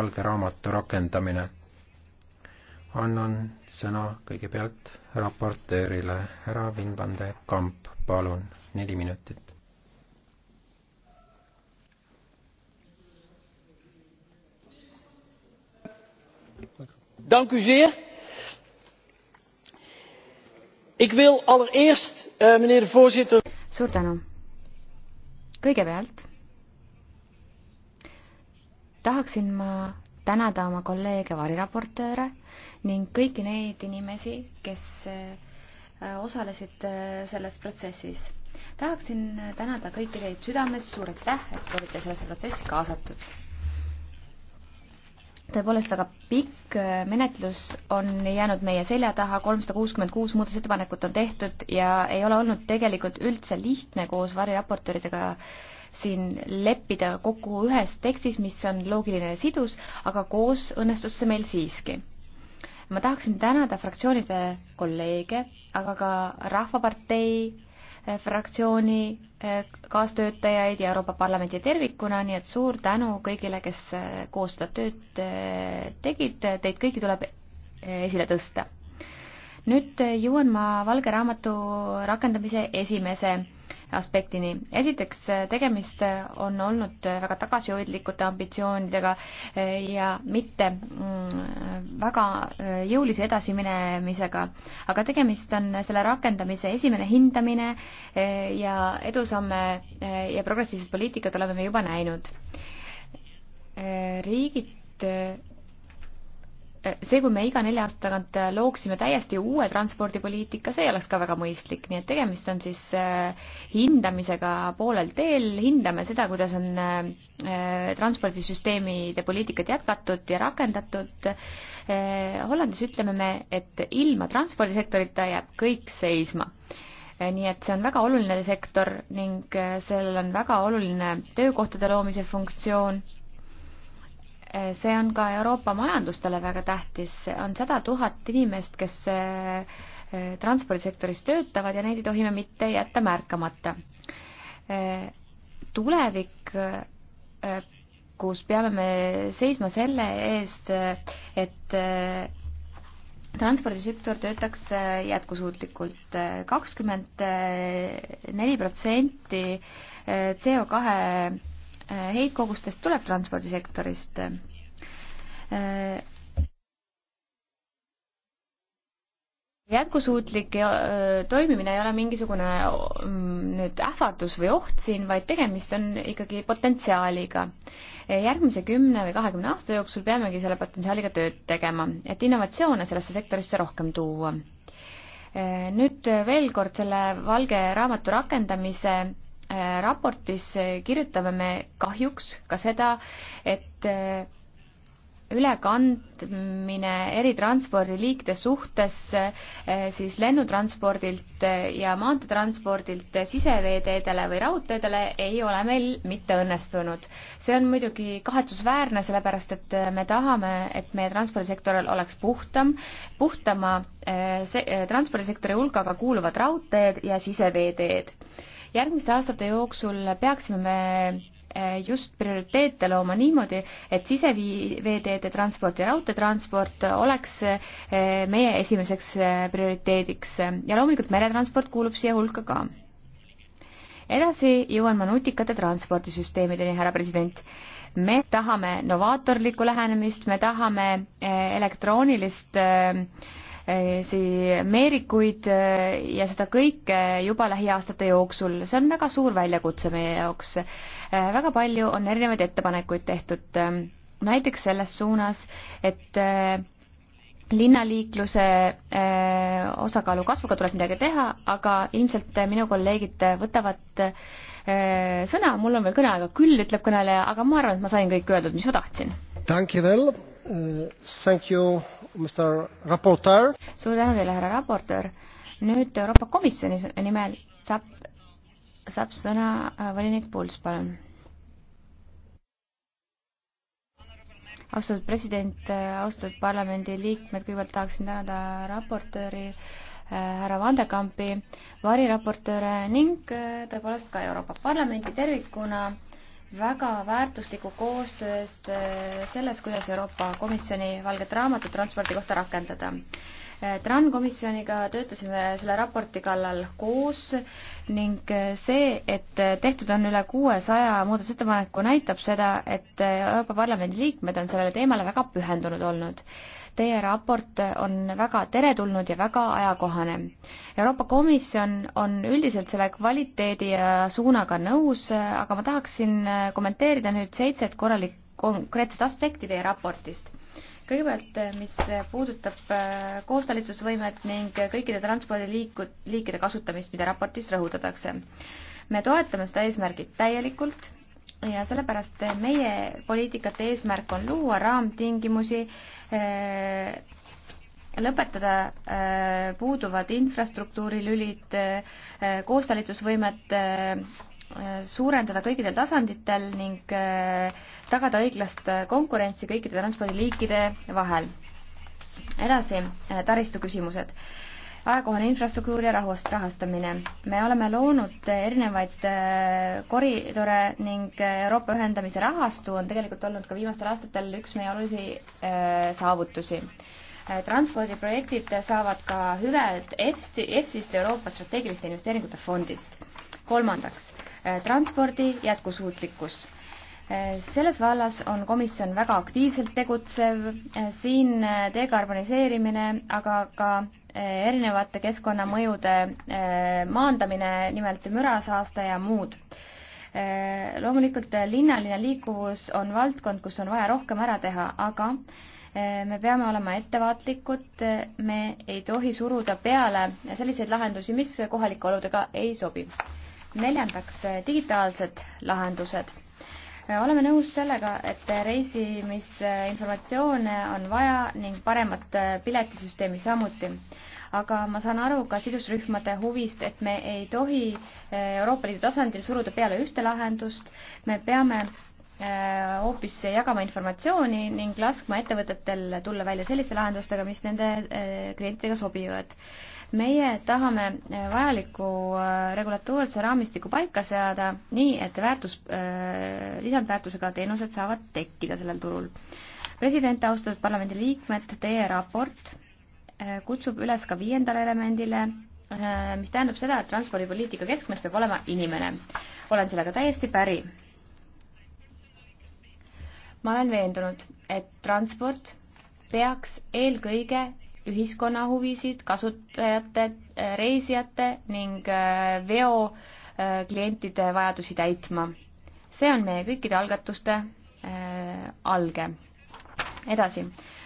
valge raamatu rakendamine. annan sõna kõigepealt raportöörile, härra Wim van de Kamp, palun, neli minutit. dank u zeer. ik wil allereerst eh, mijnheer de voorzitter. suur tänu. kõigepealt tahaksin ma tänada oma kolleege variraportööre ning kõiki neid inimesi, kes äh, osalesid äh, selles protsessis. tahaksin tänada kõiki teid südames, suur aitäh, et olite sellesse protsessi kaasatud. tõepoolest väga pikk äh, menetlus on jäänud meie selja taha, kolmsada kuuskümmend kuus muudatusettepanekut on tehtud ja ei ole olnud tegelikult üldse lihtne koos variraportööridega äh, siin leppida kokku ühes tekstis, mis on loogiline ja sidus, aga koos õnnestus see meil siiski. ma tahaksin tänada fraktsioonide kolleege, aga ka Rahvapartei eh, fraktsiooni eh, kaastöötajaid ja Euroopa Parlamendi tervikuna, nii et suur tänu kõigile, kes eh, koos seda tööd tegid, teid kõiki tuleb esile tõsta. nüüd jõuan ma Valge Raamatu rakendamise esimese aspektini. esiteks, tegemist on olnud väga tagasihoidlikute ambitsioonidega eh, ja mitte mm, väga eh, jõulise edasiminemisega, aga tegemist on selle rakendamise esimene hindamine eh, ja edusamme ja progressiivsed poliitikad oleme me juba näinud. riigid see, kui me iga nelja aasta tagant äh, looksime täiesti uue transpordipoliitika, see oleks ka väga mõistlik, nii et tegemist on siis äh, hindamisega poolel teel, hindame seda, kuidas on äh, transpordisüsteemide poliitikat jätkatud ja rakendatud. Hollandis ütleme me, et ilma transpordisektorita jääb kõik seisma nii et see on väga oluline sektor ning sellel on väga oluline töökohtade loomise funktsioon see on ka Euroopa majandustele väga tähtis, on sada tuhat inimest, kes eh, transpordisektoris töötavad ja neid ei tohi me mitte jätta märkamata. Eh, tulevik, eh, kus peame me seisma selle eest, et transpordisektor töötaks jätkusuutlikult. kakskümmend neli protsenti CO kahe Eh, heitkogustest tuleb transpordisektorist. Eh, jätkusuutlik eh, toimimine ei ole mingisugune mm, nüüd ähvardus või oht siin, vaid tegemist on ikkagi potentsiaaliga. järgmise kümne või kahekümne aasta jooksul peamegi selle potentsiaaliga tööd tegema, et innovatsioone sellesse sektorisse rohkem tuua. nüüd veel kord selle valge raamatu rakendamise raportis kirjutame me kahjuks ka seda, et äh, ülekandmine eritranspordiliikide suhtes äh, siis lennutranspordilt äh, ja maanteetranspordilt siseveeteedele või raudteedele ei ole meil mitte õnnestunud. see on muidugi kahetsusväärne, sellepärast et me tahame, et meie transpordisektoril oleks puhtam, puhtama transpordisektori hulka aga kuuluvad raudteed ja siseveeteed järgmiste aastate jooksul peaksime me eh, just prioriteete looma niimoodi, et siseveeteede transport ja raudteetransport oleks eh, meie esimeseks eh, prioriteediks ja loomulikult meretransport kuulub siia hulka ka edasi jõuan ma nutikate transpordisüsteemideni, härra president me tahame novaatorlikku lähenemist, me tahame elektroonilist meerikuid eh, ja seda kõike juba lähiaastate jooksul. see on väga suur väljakutse meie jaoks. Eh, väga palju on erinevaid ettepanekuid tehtud, eh, näiteks selles suunas, et linnaliikluse osakaalu kasvuga tuleb midagi teha, aga ilmselt minu kolleegid võtavad sõna, mul on veel kõneaega küll, ütleb kõneleja, aga ma arvan, et ma sain kõik öeldud, mis ma tahtsin. Uh, you, suur tänu teile, härra raportöör. nüüd Euroopa Komisjoni nimel saab, saab sõna äh, volinik Puls, palun. austatud president, äh, austatud parlamendiliikmed, kõigepealt tahaksin tänada raportööri äh, härra Vandekampi, variraportööre ning tõepoolest ka Euroopa Parlamenti tervikuna väga väärtusliku koostöö eest äh, selles, kuidas Euroopa Komisjoni valget raamatut transpordi kohta rakendada. Äh, TRAN komisjoniga töötasime selle raporti kallal koos ning äh, see, et tehtud on üle kuuesaja muudatusettepaneku, näitab seda, et Euroopa Parlamendi liikmed on sellele teemale väga pühendunud olnud Teie raport on väga teretulnud ja väga ajakohane. Euroopa Komisjon on üldiselt selle kvaliteedi ja suunaga nõus, aga ma tahaksin kommenteerida nüüd seitset korralik-, konkreetset aspekti teie raportist kõigepealt, mis puudutab äh, koostalitusvõimet ning kõikide transpordiliiku-, liikide kasutamist, mida raportis rõhutatakse. me toetame seda eesmärgit täielikult ja sellepärast meie poliitikate eesmärk on luua raamtingimusi, eh, lõpetada eh, puuduvad infrastruktuurilülid, eh, koostalitusvõimet suurendada kõikidel tasanditel ning tagada õiglast konkurentsi kõikide transpordiliikide vahel. edasi, taristu küsimused ajakohane infrastruktuur ja rahvast rahastamine. me oleme loonud erinevaid äh, koridore ning Euroopa ühendamise rahastu on tegelikult olnud ka viimastel aastatel üks meie olulisi äh, saavutusi. Äh, transpordiprojektid saavad ka hüved EFSI, EFSI-st Euroopa strateegiliste investeeringute fondist. kolmandaks, transpordi jätkusuutlikkus selles vallas on komisjon väga aktiivselt tegutsev, siin dekarboniseerimine, aga ka Eh, erinevate keskkonnamõjude eh, maandamine, nimelt mürasaaste ja muud. Eh, loomulikult linnaline liikuvus on valdkond, kus on vaja rohkem ära teha, aga me peame olema ettevaatlikud, me ei tohi suruda peale selliseid lahendusi, mis kohalike oludega ei sobi. neljandaks, digitaalsed lahendused oleme nõus sellega, et reisimisinformatsioone on vaja ning paremat äh, piletisüsteemi samuti. aga ma saan aru ka sidusrühmade huvist, et me ei tohi äh, Euroopa Liidu tasandil suruda peale ühte lahendust, me peame äh, hoopis jagama informatsiooni ning laskma ettevõtetel tulla välja selliste lahendustega, mis nende klientidega sobivad meie tahame äh, vajaliku äh, regulatoorse raamistiku paika seada nii, et väärtus, äh, lisandväärtusega teenused saavad tekkida sellel turul. president, austatud parlamendiliikmed, teie raport kutsub üles ka viiendale elemendile, mis tähendab seda, et transpordipoliitika keskmes peab olema inimene. olen sellega täiesti päri. ma olen veendunud, et transport peaks eelkõige ühiskonna huvisid, kasutajate, äh, reisijate ning äh, veo äh, klientide vajadusi täitma. see on meie kõikide algatuste alge. edasi,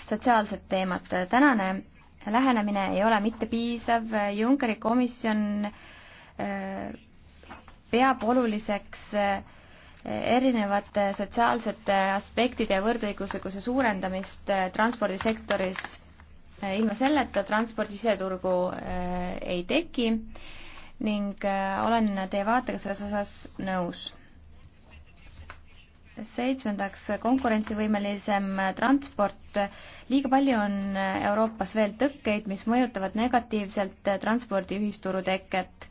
sotsiaalsed teemad. tänane lähenemine ei ole mitte piisav, Junckeri komisjon peab oluliseks erinevate sotsiaalsete aspektide ja võrdõiguslikkuse suurendamist transpordisektoris Eh, ilma selleta transpordi siseturgu eh, ei teki ning eh, olen teie vaatega selles osas nõus. seitsmendaks, konkurentsivõimelisem transport. liiga palju on Euroopas veel tõkkeid, mis mõjutavad negatiivselt transpordiühisturu teket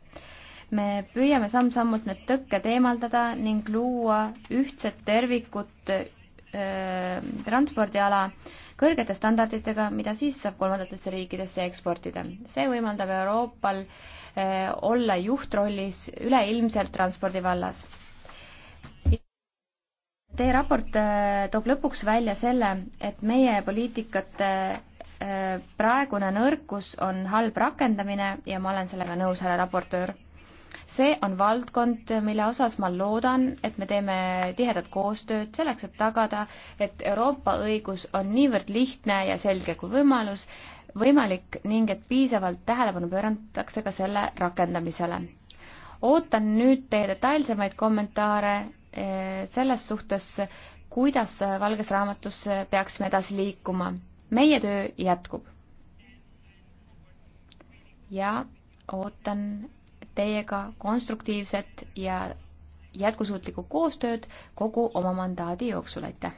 me püüame samm-sammult need tõkked eemaldada ning luua ühtset tervikut öö, transpordiala, kõrgete standarditega, mida siis saab kolmandatesse riikidesse eksportida. see võimaldab Euroopal eh, olla juhtrollis üleilmselt transpordi vallas Teie raport eh, toob lõpuks välja selle, et meie poliitikate eh, praegune nõrkus on halb rakendamine ja ma olen sellega nõus, härra raportöör see on valdkond, mille osas ma loodan, et me teeme tihedat koostööd selleks, et tagada, et Euroopa õigus on niivõrd lihtne ja selge kui võimalus, võimalik ning et piisavalt tähelepanu pööratakse ka selle rakendamisele. ootan nüüd teie detailsemaid kommentaare eh, selles suhtes, kuidas Valges Raamatus peaksime edasi liikuma. meie töö jätkub. ja ootan teiega konstruktiivset ja jätkusuutlikku koostööd kogu oma mandaadi jooksul, aitäh!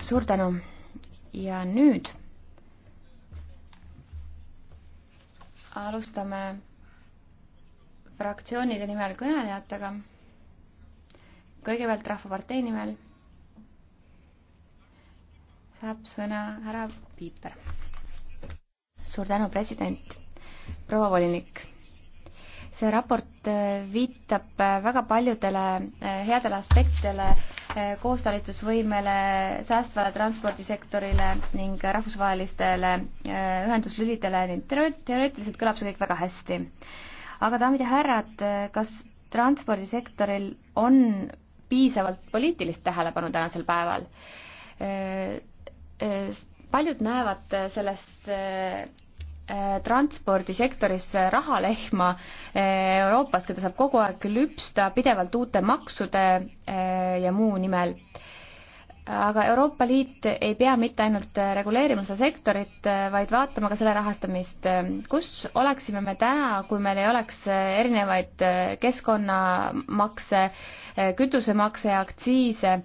suur tänu ja nüüd alustame fraktsioonide nimel kõnelejatega. kõigepealt Rahvapartei nimel saab sõna härra Piiper suur tänu, president, proua volinik. see raport äh, viitab äh, väga paljudele äh, headele aspektidele, koostalitusvõimele, säästvale transpordisektorile ning rahvusvahelistele ühenduslülidele, nii teoreetiliselt kõlab see kõik väga hästi. aga daamid ja härrad, kas transpordisektoril on piisavalt poliitilist tähelepanu tänasel päeval? paljud näevad äh, sellest äh, äh, transpordisektoris rahalehma Euroopas, keda saab kogu aeg lüpsta pidevalt uute maksude ja muu nimel. aga Euroopa Liit ei pea mitte ainult reguleerima seda sektorit, vaid vaatama ka selle rahastamist. kus oleksime me täna, kui meil ei oleks erinevaid keskkonnamakse, kütusemakse ja aktsiise?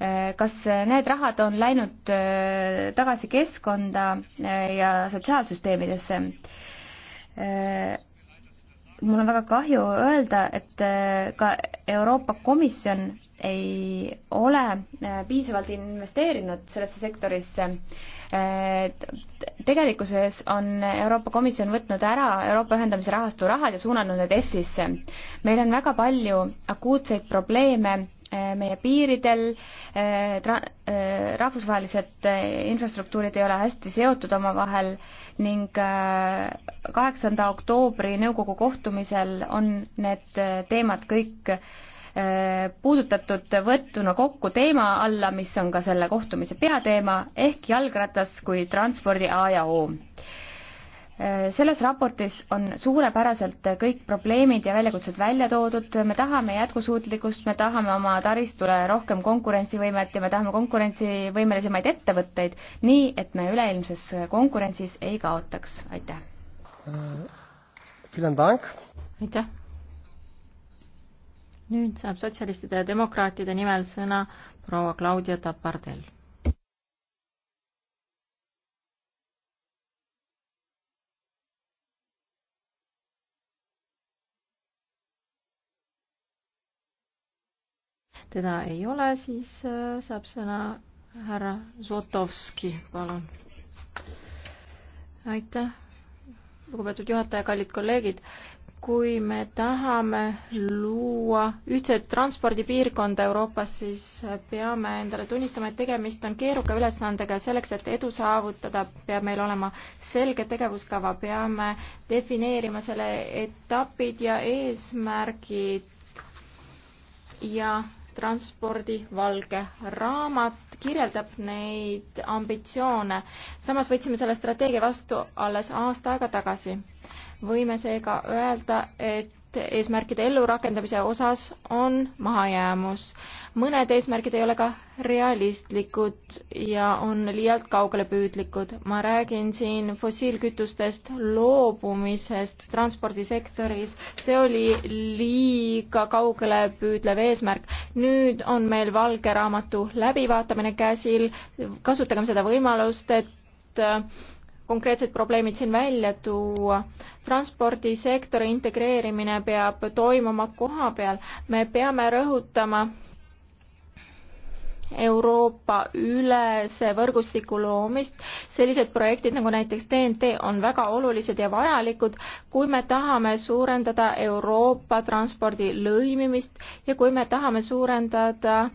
Äh, kas need rahad on läinud äh, tagasi keskkonda äh, ja sotsiaalsüsteemidesse? mul on väga kahju öelda, et ka Euroopa Komisjon ei ole piisavalt investeerinud sellesse sektorisse. tegelikkuses on Euroopa Komisjon võtnud ära Euroopa ühendamise rahastu rahad ja suunanud need EFSisse. meil on väga palju akuutseid probleeme Äh, meie piiridel, äh, äh, rahvusvahelised infrastruktuurid ei ole hästi seotud omavahel ning kaheksanda oktoobri nõukogu kohtumisel on need teemad kõik puudutatud võtuna kokku teema alla, mis on ka selle kohtumise peateema ehk jalgratas kui transpordi A ja O selles raportis on suurepäraselt kõik probleemid ja väljakutsed välja toodud, me tahame jätkusuutlikkust, me tahame oma taristule rohkem konkurentsivõimet ja me tahame konkurentsivõimelisemaid ettevõtteid, nii et me üleilmses konkurentsis ei kaotaks, aitäh. aitäh. nüüd saab sotsialistide ja demokraatide nimel sõna proua Claudia Tapardel teda ei ole, siis äh, saab sõna härra Zotovski, palun. aitäh, lugupeetud juhataja, kallid kolleegid. kui me tahame luua ühtset transpordipiirkonda Euroopas, siis peame endale tunnistama, et tegemist on keeruka ülesandega ja selleks, et edu saavutada, peab meil olema selge tegevuskava, peame defineerima selle etapid ja eesmärgid ja transpordi valge raamat kirjeldab neid ambitsioone. samas võtsime selle strateegia vastu alles aasta aega tagasi. võime seega öelda, et eesmärkide ellurakendamise osas on mahajäämus. mõned eesmärgid ei ole ka realistlikud ja on liialt kaugelepüüdlikud. ma räägin siin fossiilkütustest loobumisest transpordisektoris. see oli liiga kaugelepüüdlev eesmärk. nüüd on meil valge raamatu läbivaatamine käsil. kasutagem seda võimalust, et konkreetsed probleemid siin välja tuua. transpordisektori integreerimine peab toimuma koha peal. me peame rõhutama Euroopa ülese võrgustiku loomist. sellised projektid nagu näiteks TNT on väga olulised ja vajalikud, kui me tahame suurendada Euroopa transpordi lõimimist ja kui me tahame suurendada äh,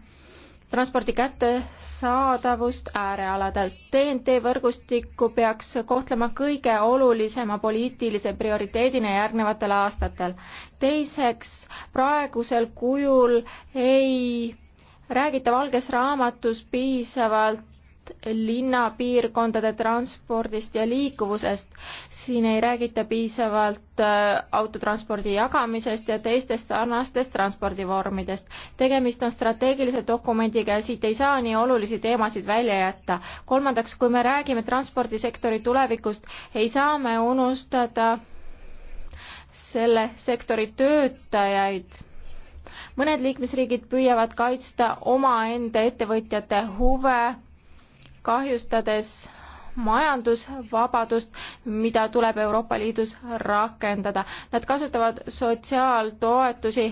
transpordi kättesaadavust äärealadel. TNT võrgustikku peaks kohtlema kõige olulisema poliitilise prioriteedina järgnevatel aastatel. teiseks, praegusel kujul ei räägita valges raamatus piisavalt linnapiirkondade transpordist ja liikuvusest. siin ei räägita piisavalt äh, autotranspordi jagamisest ja teistest sarnastest transpordivormidest. tegemist on strateegilise dokumendiga ja siit ei saa nii olulisi teemasid välja jätta. kolmandaks, kui me räägime transpordisektori tulevikust, ei saa me unustada selle sektori töötajaid mõned liikmesriigid püüavad kaitsta omaenda ettevõtjate huve kahjustades majandusvabadust, mida tuleb Euroopa Liidus rakendada. Nad kasutavad sotsiaaltoetusi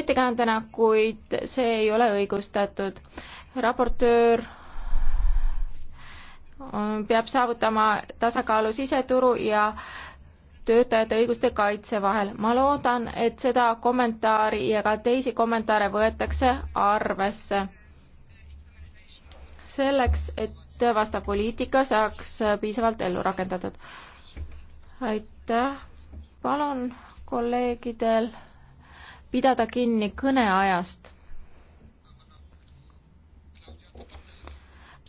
ettekäändena, kuid see ei ole õigustatud. raportöör peab saavutama tasakaalu siseturu ja töötajate õiguste kaitse vahel. ma loodan, et seda kommentaari ja ka teisi kommentaare võetakse arvesse selleks, et vastav poliitika saaks piisavalt ellu rakendatud. aitäh, palun kolleegidel pidada kinni kõneajast.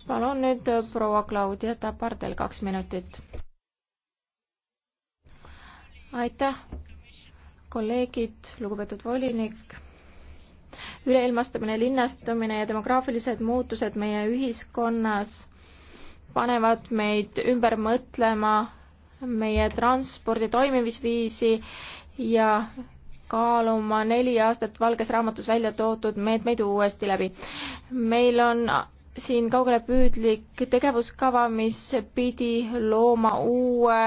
palun nüüd proua Claudia Tapardel kaks minutit. aitäh, kolleegid, lugupeetud volinik üleilmastamine, linnastumine ja demograafilised muutused meie ühiskonnas panevad meid ümber mõtlema meie transpordi toimimisviisi ja kaaluma neli aastat Valges Raamatus välja toodud meetmeid uuesti läbi. meil on siin kaugelepüüdlik tegevuskava, mis pidi looma uue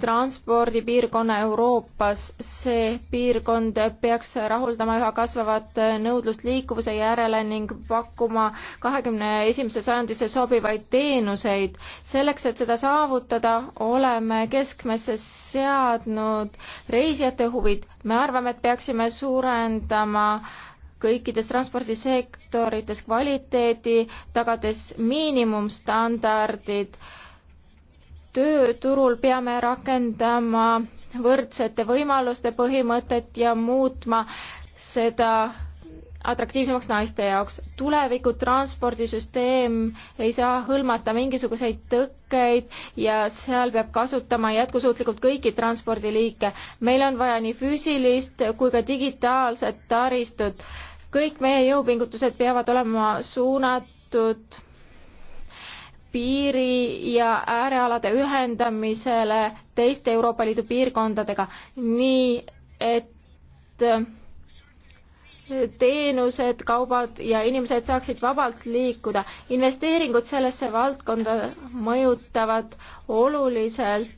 transpordipiirkonna Euroopas. see piirkond peaks rahuldama üha kasvavat nõudlust liikuvuse järele ning pakkuma kahekümne esimesse sajandisse sobivaid teenuseid. selleks, et seda saavutada, oleme keskmesse seadnud reisijate huvid. me arvame, et peaksime suurendama äh, kõikides transpordisektorites kvaliteedi, tagades miinimumstandardid. tööturul peame rakendama võrdsete võimaluste põhimõtet ja muutma seda atraktiivsemaks naiste jaoks. tuleviku transpordisüsteem ei saa hõlmata mingisuguseid tõkkeid ja seal peab kasutama jätkusuutlikult kõiki transpordiliike. meil on vaja nii füüsilist kui ka digitaalset taristut kõik meie jõupingutused peavad olema suunatud piiri ja äärealade ühendamisele teiste Euroopa Liidu piirkondadega, nii et teenused, kaubad ja inimesed saaksid vabalt liikuda. investeeringud sellesse valdkonda mõjutavad oluliselt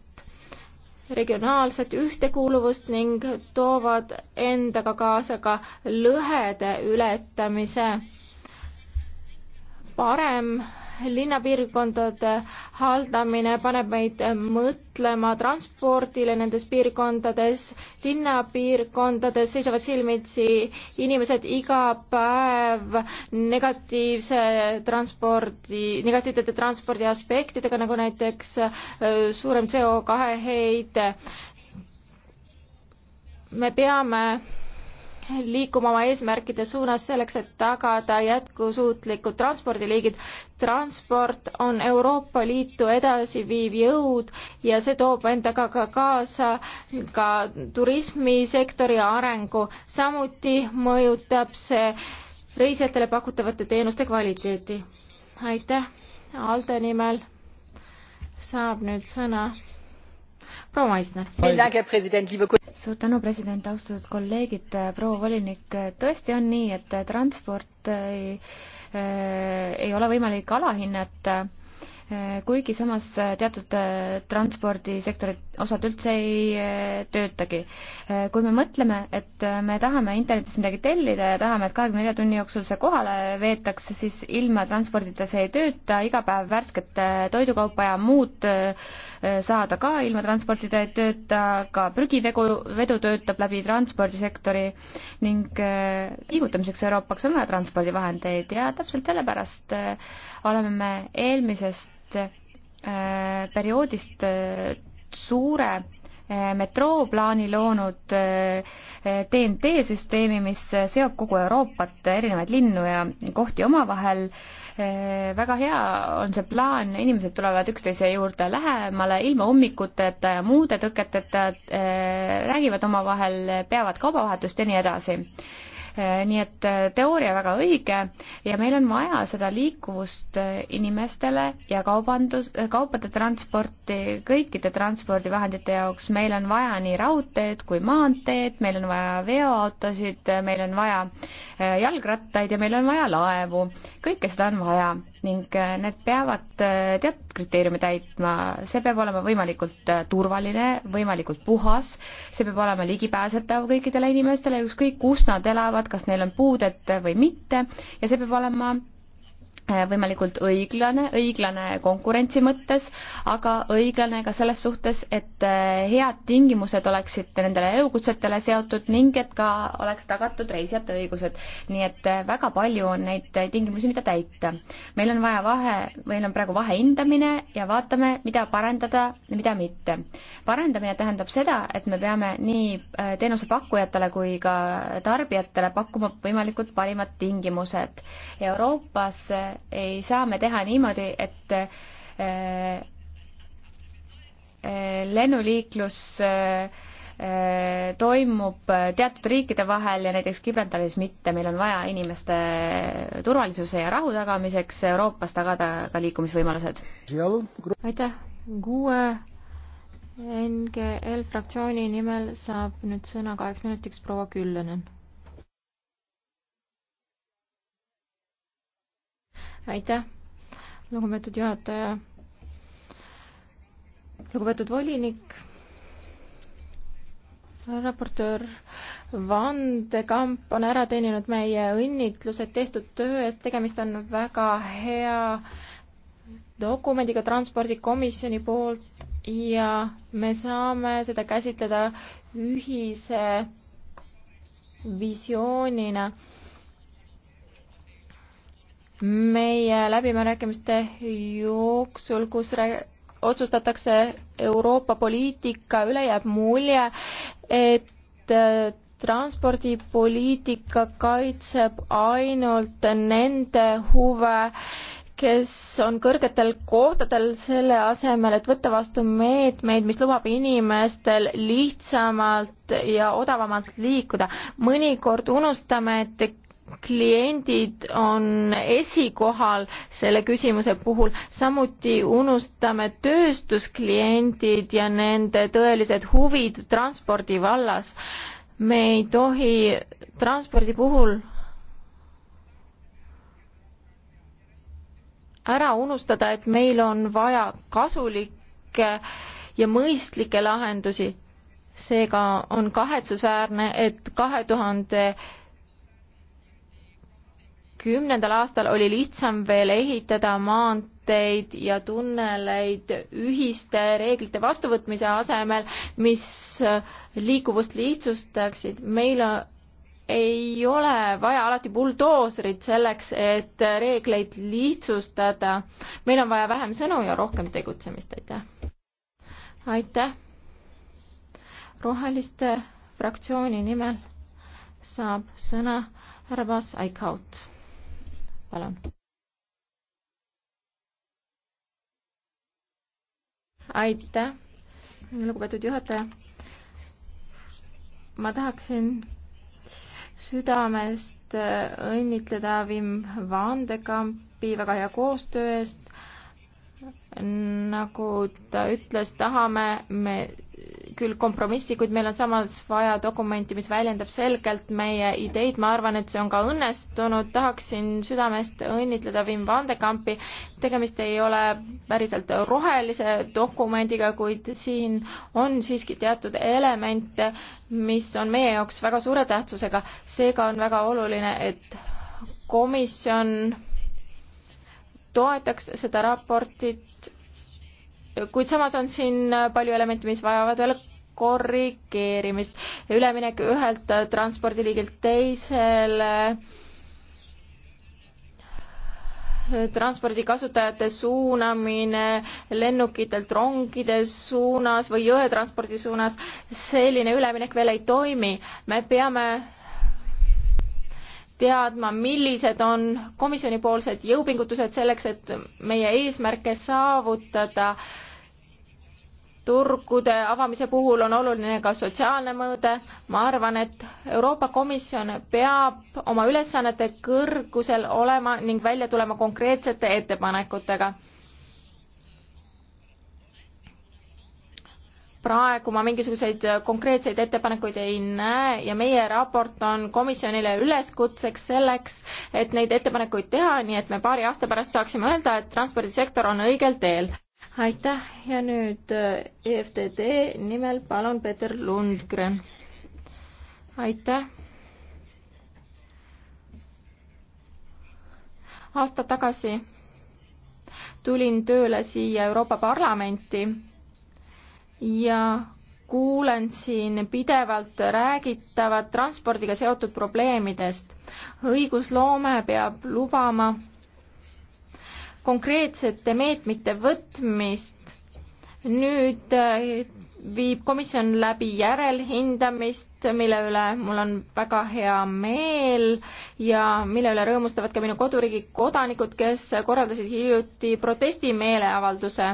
regionaalset ühtekuuluvust ning toovad endaga kaasa ka lõhede ületamise. parem linnapiirkondade haldamine paneb meid mõtlema transpordile nendes piirkondades. linnapiirkondades seisavad silmitsi inimesed iga päev negatiivse transpordi, negatiivsete transpordi aspektidega, nagu näiteks äh, suurem CO kahe heide. me peame liikuma oma eesmärkide suunas selleks, et tagada jätkusuutlikud transpordiliigid. transport on Euroopa Liitu edasiviiv jõud ja see toob endaga ka kaasa ka turismisektori arengu. samuti mõjutab see reisijatele pakutavate teenuste kvaliteeti. aitäh, Alde nimel saab nüüd sõna proua Maisner. suur tänu, president, austatud kolleegid, äh, proua volinik, äh, tõesti on nii, et äh, transport ei, ei ole võimalik alahinnata kuigi samas äh, teatud äh, transpordisektorid osad üldse ei äh, töötagi. kui me mõtleme, et me tahame internetis midagi tellida ja tahame, et kahekümne nelja tunni jooksul see kohale veetakse, siis ilma transpordita see ei tööta, iga päev värsket toidukaupa ja muud saada ka ilma transpordita ei tööta, ka prügivegu, vedu töötab läbi transpordisektori ning liigutamiseks Euroopaks on vaja transpordivahendeid ja täpselt sellepärast oleme me eelmisest äh, perioodist äh, suure äh, metrooplaani loonud TNT-süsteemi, mis seob kogu Euroopat, erinevaid linnu ja kohti omavahel. väga hea on see plaan, inimesed tulevad üksteise juurde lähemale ilma ummikuteta ja muude tõketeta, räägivad omavahel, peavad kaubavahetust ja nii edasi Eh, nii et eh, teooria väga õige ja meil on vaja seda liikuvust eh, inimestele ja kaubandus, kaupade transporti, kõikide transpordivahendite jaoks, meil on vaja nii raudteed kui maanteed, meil on vaja veoautosid, meil on vaja jalgrattaid ja meil on vaja laevu, kõike seda on vaja ning äh, need peavad äh, teatud kriteeriume täitma, see peab olema võimalikult äh, turvaline, võimalikult puhas, see peab olema ligipääsetav kõikidele inimestele, ükskõik kus nad elavad, kas neil on puudet või mitte ja see peab olema Äh, võimalikult õiglane, õiglane konkurentsi mõttes, aga õiglane ka selles suhtes, et äh, head tingimused oleksid nendele elukutsetele seotud ning et ka oleks tagatud reisijate õigused. nii et äh, väga palju on neid tingimusi, mida täita. meil on vaja vahe, meil on praegu vahehindamine ja vaatame, mida parandada ja mida mitte. parandamine tähendab seda, et me peame nii teenusepakkujatele kui ka tarbijatele pakkuma võimalikult parimad tingimused. Euroopas ei saa me teha niimoodi, et äh, äh, lennuliiklus äh, toimub teatud riikide vahel ja näiteks Gibraltaris mitte, meil on vaja inimeste turvalisuse ja rahu tagamiseks Euroopas tagada ka liikumisvõimalused. aitäh, kuue NGL fraktsiooni nimel saab nüüd sõna kaheks minutiks proua Küllönen aitäh, lugupeetud juhataja. lugupeetud volinik, raportöör Vandekamp on ära teeninud meie õnnitlused tehtud töö eest, tegemist on väga hea dokumendiga transpordikomisjoni poolt ja me saame seda käsitleda ühise visioonina meie läbimärkimiste jooksul, kus otsustatakse Euroopa poliitika üle, jääb mulje, et äh, transpordipoliitika kaitseb ainult nende huve, kes on kõrgetel kohtadel, selle asemel, et võtta vastu meetmeid, mis lubab inimestel lihtsamalt ja odavamalt liikuda. mõnikord unustame, et kliendid on esikohal selle küsimuse puhul, samuti unustame tööstuskliendid ja nende tõelised huvid transpordi vallas. me ei tohi transpordi puhul ära unustada, et meil on vaja kasulikke ja mõistlikke lahendusi. seega on kahetsusväärne, et kahe tuhande 2000 kümnendal aastal oli lihtsam veel ehitada maanteid ja tunneleid ühiste reeglite vastuvõtmise asemel, mis äh, liikuvust lihtsustaksid. meil ei ole vaja alati buldooserit selleks, et reegleid lihtsustada. meil on vaja vähem sõnu ja rohkem tegutsemist, aitäh. aitäh. roheliste fraktsiooni nimel saab sõna härra Bas Aikaut palun. aitäh, lugupeetud juhataja. ma tahaksin südamest äh, õnnitleda Wim Vandekampi väga hea koostöö eest. nagu ta ütles, tahame me küll kompromissi, kuid meil on samas vaja dokumenti, mis väljendab selgelt meie ideid, ma arvan, et see on ka õnnestunud, tahaksin südamest õnnitleda Wim Vandekampi, tegemist ei ole päriselt rohelise dokumendiga, kuid siin on siiski teatud elemente, mis on meie jaoks väga suure tähtsusega, seega on väga oluline, et komisjon toetaks seda raportit kuid samas on siin palju elemente, mis vajavad veel korrigeerimist. üleminek ühelt transpordiliigilt teisele transpordikasutajate suunamine lennukitelt rongide suunas või jõetranspordi suunas, selline üleminek veel ei toimi. me peame teadma, millised on komisjonipoolsed jõupingutused selleks, et meie eesmärke saavutada äh, turgude avamise puhul on oluline ka sotsiaalne mõõde. ma arvan, et Euroopa Komisjon peab oma ülesannete kõrgusel olema ning välja tulema konkreetsete ettepanekutega. praegu ma mingisuguseid konkreetseid ettepanekuid ei näe ja meie raport on komisjonile üleskutseks selleks, et neid ettepanekuid teha, nii et me paari aasta pärast saaksime öelda, et transpordisektor on õigel teel aitäh ja nüüd äh, EFTD nimel palun Peeter Lundgren. aitäh. aasta tagasi tulin tööle siia Euroopa Parlamenti ja kuulen siin pidevalt räägitavat transpordiga seotud probleemidest. õigusloome peab lubama konkreetsete meetmite võtmist. nüüd äh, viib komisjon läbi järelhindamist, mille üle mul on väga hea meel ja mille üle rõõmustavad ka minu koduriigi kodanikud, kes korraldasid hiljuti protestimeeleavalduse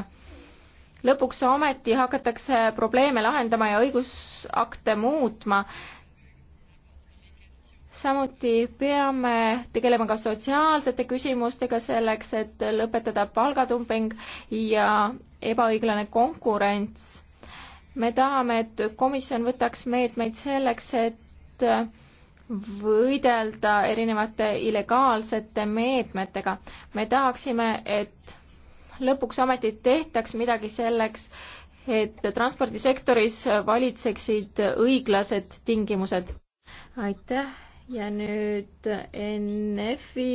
lõpuks ometi hakatakse probleeme lahendama ja õigusakte muutma samuti peame tegelema ka sotsiaalsete küsimustega selleks, et lõpetada palgatumping ja ebaõiglane konkurents. me tahame, et komisjon võtaks meetmeid selleks, et võidelda erinevate illegaalsete meetmetega. me tahaksime, et lõpuks ometi tehtaks midagi selleks, et transpordisektoris valitseksid õiglased tingimused. aitäh ja nüüd NF-i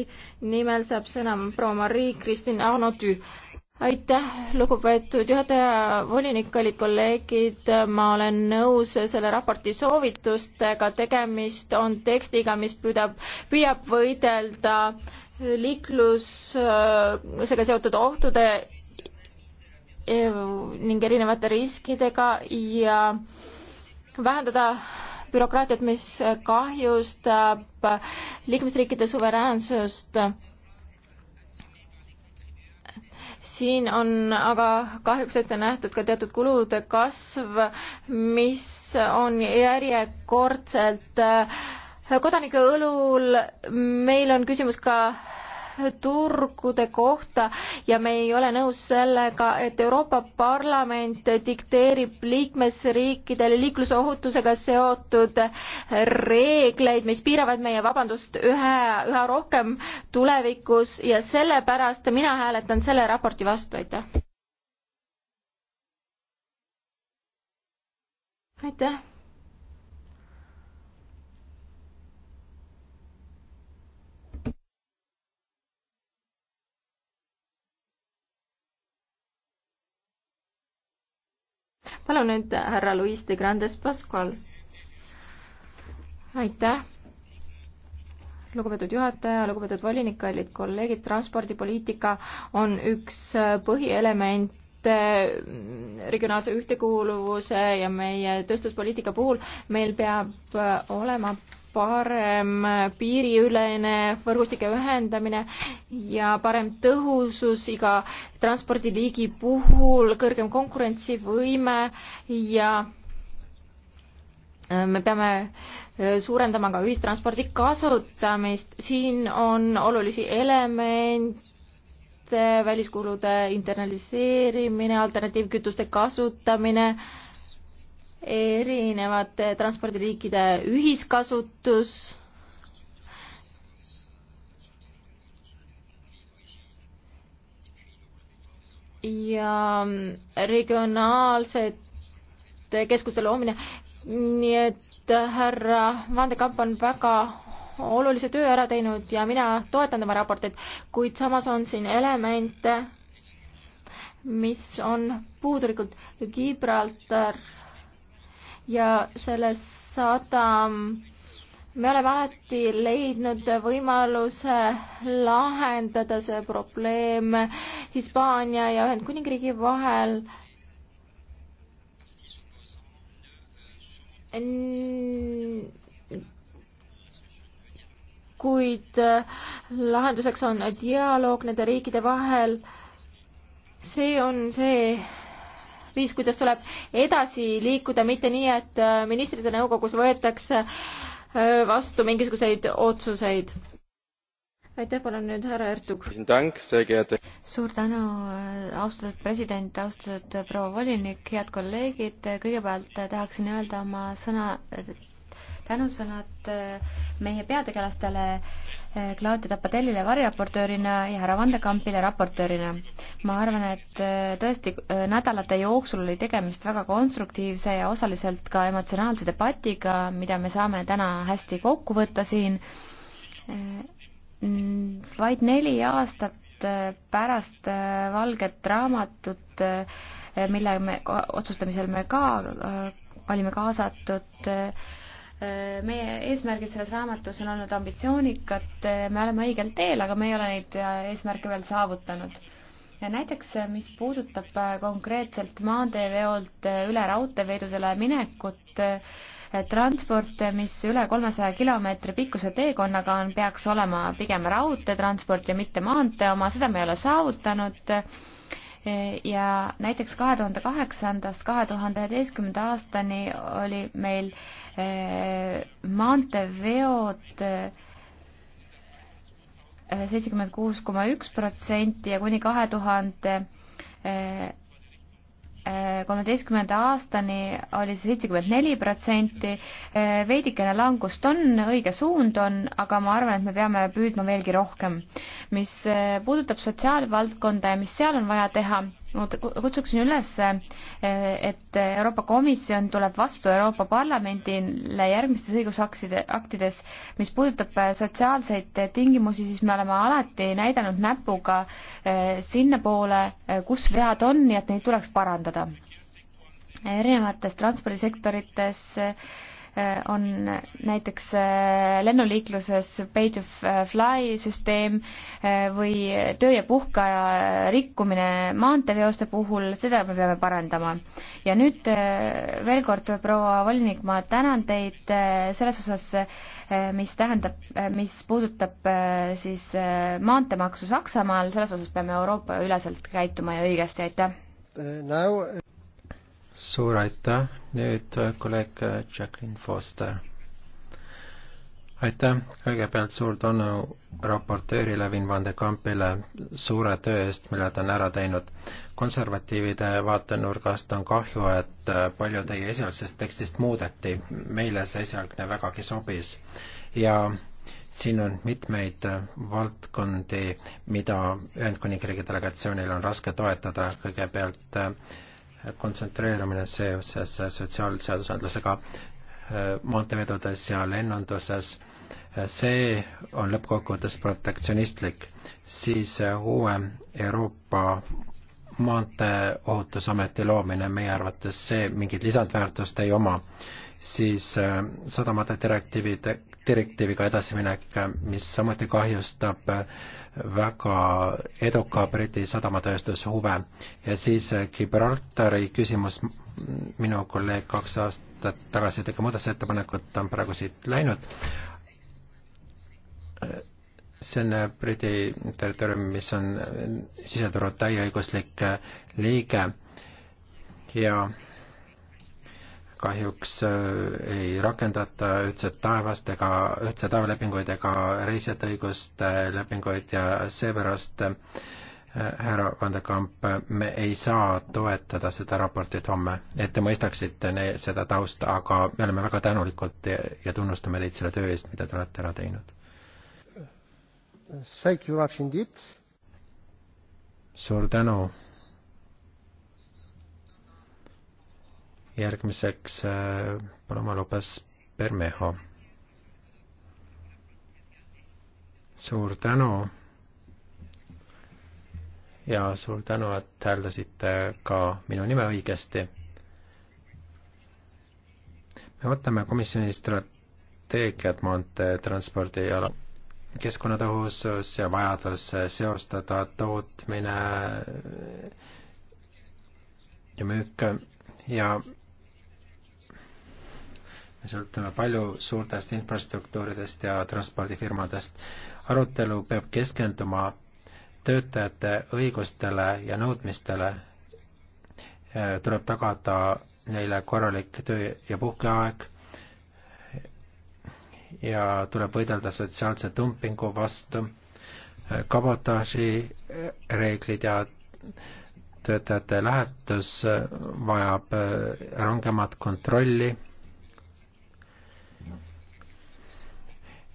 nimel saab sõna proua Marie-Kristin Arnotü. aitäh, lugupeetud juhataja, volinik, kallid kolleegid, ma olen nõus selle raporti soovitustega, tegemist on tekstiga, mis püüdab, püüab võidelda liiklusega seotud ohtude eh, ning erinevate riskidega ja vähendada bürokraatiat, mis kahjustab liikmesriikide suveräänsust. siin on aga kahjuks ette nähtud ka teatud kulude kasv, mis on järjekordselt äh, kodanike õlul. meil on küsimus ka turgude kohta ja me ei ole nõus sellega, et Euroopa Parlament dikteerib liikmesriikidele liiklusohutusega seotud reegleid, mis piiravad meie vabandust ühe, üha rohkem tulevikus ja sellepärast mina hääletan selle raporti vastu, aitäh. aitäh. palun nüüd härra Luis de Grandes Pascual. aitäh, lugupeetud juhataja, lugupeetud volinik, kallid kolleegid, transpordipoliitika on üks põhielement regionaalse ühtekuuluvuse ja meie tööstuspoliitika puhul meil peab olema parem piiriülene võrgustike ühendamine ja parem tõhusus iga transpordiliigi puhul, kõrgem konkurentsivõime ja äh, me peame äh, suurendama ka ühistranspordi kasutamist, siin on olulisi elemente, väliskulude internaliseerimine, alternatiivkütuste kasutamine äh,, erinevate transpordiliikide ühiskasutus. ja regionaalsete keskuste loomine. nii et härra Vandekamp on väga olulise töö ära teinud ja mina toetan tema raportit, kuid samas on siin elemente, mis on puudulikud. Gibraltar äh, ja selle sadam, me oleme alati leidnud võimaluse lahendada see probleem Hispaania ja Ühendkuningriigi vahel N kuid äh, lahenduseks on dialoog nende riikide vahel. see on see, viis, kuidas tuleb edasi liikuda, mitte nii, et äh, ministrite nõukogus võetakse äh, vastu mingisuguseid otsuseid. aitäh, palun nüüd härra Ertug. suur tänu, äh, austatud president, austatud proua volinik, head kolleegid, kõigepealt tahaksin öelda oma sõna tänusõnad äh, meie peategelastele äh, Claudia Tapatellile variraportöörina ja härra Vandekampile raportöörina. ma arvan, et äh, tõesti nädalate jooksul oli tegemist väga konstruktiivse ja osaliselt ka emotsionaalse debatiga, mida me saame täna hästi kokku võtta siin. vaid neli aastat pärast Valget Raamatut, mille me otsustamisel me ka olime kaasatud meie eesmärgid selles raamatus on olnud ambitsioonikad, me oleme õigel teel, aga me ei ole neid äh, eesmärke veel saavutanud. ja näiteks, äh, mis puudutab äh, konkreetselt maanteeveolt üle raudteeveedusele minekut, transport, mis üle kolmesaja kilomeetri pikkuse teekonnaga on, peaks olema pigem raudteetransport ja mitte maantee oma, seda me ei ole saavutanud ja näiteks kahe tuhande kaheksandast kahe tuhande üheteistkümnenda aastani oli meil eh, maanteeveod eh, seitsekümmend kuus koma üks protsenti ja kuni kahe tuhande eh, kolmeteistkümnenda aastani oli see seitsekümmend neli protsenti, veidikene langust on, õige suund on, aga ma arvan, et me peame püüdma veelgi rohkem. mis puudutab sotsiaalvaldkonda ja mis seal on vaja teha, ma kutsuksin üles, eh, et Euroopa Komisjon tuleb vastu Euroopa Parlamendile järgmistes õigusaktides, mis puudutab eh, sotsiaalseid tingimusi, siis me oleme alati näidanud näpuga eh, sinnapoole, kus vead on ja et neid tuleks parandada. erinevates transpordisektorites äh, Äh, on näiteks äh, lennuliikluses page of äh, fly süsteem või töö ja puhkeaja rikkumine maanteeveoste puhul, seda me peame parandama. ja nüüd veel kord, proua volinik, ma tänan teid selles osas, mis tähendab, mis puudutab siis maanteemaksu Saksamaal, selles osas peame Euroopa üleselt käituma ja õigesti, aitäh! Now suur aitäh, nüüd äh, kolleeg äh, Jacqueline Foster. aitäh, kõigepealt suur tänu raporteerile Vin van de Kampile suure töö eest, mille ta on ära teinud. konservatiivide vaatenurgast on kahju, et äh, palju teie esialgsest tekstist muudeti, meile see esialgne vägagi sobis ja siin on mitmeid valdkondi, mida Ühendkuningriigi delegatsioonil on raske toetada, kõigepealt äh, kontsentreerumine seoses sotsiaalseadusandlusega äh, maanteevedudes ja lennunduses, äh, see on lõppkokkuvõttes protektsionistlik, siis äh, uue Euroopa maanteeohutusameti loomine meie arvates see mingit lisandväärtust ei oma, siis sadamate direktiivi direktiiviga edasiminek, mis samuti kahjustab väga eduka Briti sadamatööstuse huve. ja siis Gibraltari küsimus, minu kolleeg kaks aastat tagasi tegi muudatusettepanekut, ta on praegu siit läinud, see on Briti territoorium, mis on siseturu täieõiguslik liige ja kahjuks äh, ei rakendata ühtset taevast ega ühtse taevalepinguid ega reisijate õiguste lepinguid ja seepärast äh, härra Vandekamp, me ei saa toetada seda raportit homme, et te mõistaksite ne, seda tausta, aga me oleme väga tänulikud ja, ja tunnustame teid selle töö eest, mida te olete ära teinud. suur tänu järgmiseks äh, Paloma Lopes Bermejo. suur tänu ja suur tänu, et hääldasite ka minu nime õigesti. me võtame komisjoni strateegiat maanteetranspordi ala keskkonnatõhusus ja vajadus seostada tootmine ja müük ja sõltume palju suurtest infrastruktuuridest ja transpordifirmadest. arutelu peab keskenduma töötajate õigustele ja nõudmistele. tuleb tagada neile korralik töö- ja puhkeaeg ja tuleb võidelda sotsiaalse dumpingu vastu, kabotaaži reeglid ja töötajate lähetus vajab rangemat kontrolli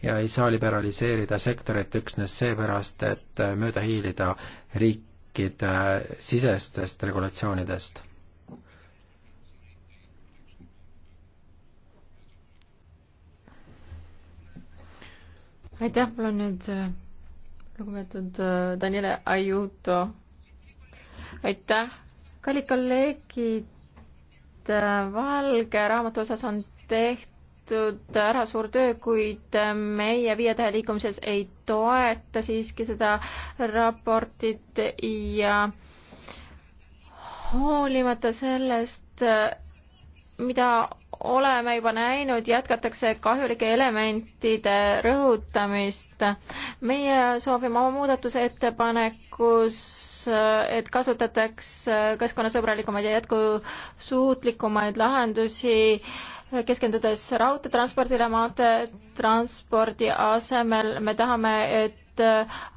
ja ei saa liberaliseerida sektorit üksnes seepärast, et mööda hiilida riikide sisestest regulatsioonidest. aitäh, mul on nüüd äh, lugupeetud äh, Daniele Aiuto. aitäh, kallid kolleegid, äh, valge raamatu osas on tehtud tehtud ära suur töö, kuid meie Viie Tähe liikumises ei toeta siiski seda raportit ja hoolimata sellest, mida oleme juba näinud, jätkatakse kahjulike elementide rõhutamist. meie soovime oma muudatusettepanekus, et kasutataks keskkonnasõbralikumaid ja jätkusuutlikumaid lahendusi äh, keskendudes raudteetranspordile, maanteetranspordi asemel me tahame, et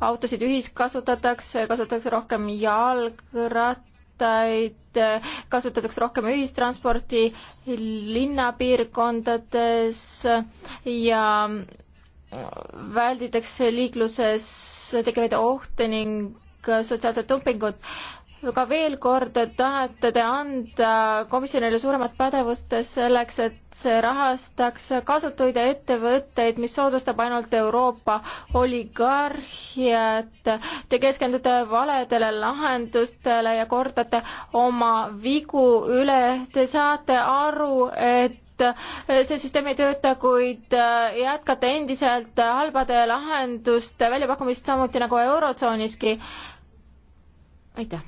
autosid ühiskasutatakse, kasutatakse rohkem jalgrattaid, kasutatakse rohkem ühistransporti linnapiirkondades ja välditakse liikluses tekkivaid ohte ning sotsiaalset dumpingut aga veel kord tahate te anda komisjonile suuremat pädevust selleks, et see rahastaks kasutuid ja ettevõtteid, mis soodustab ainult Euroopa oligarhiat. Te keskendute valedele lahendustele ja kordate oma vigu üle. Te saate aru, et et see süsteem ei tööta, kuid jätkate endiselt halbade lahenduste väljapakkumist, samuti nagu Eurotsooniski. aitäh!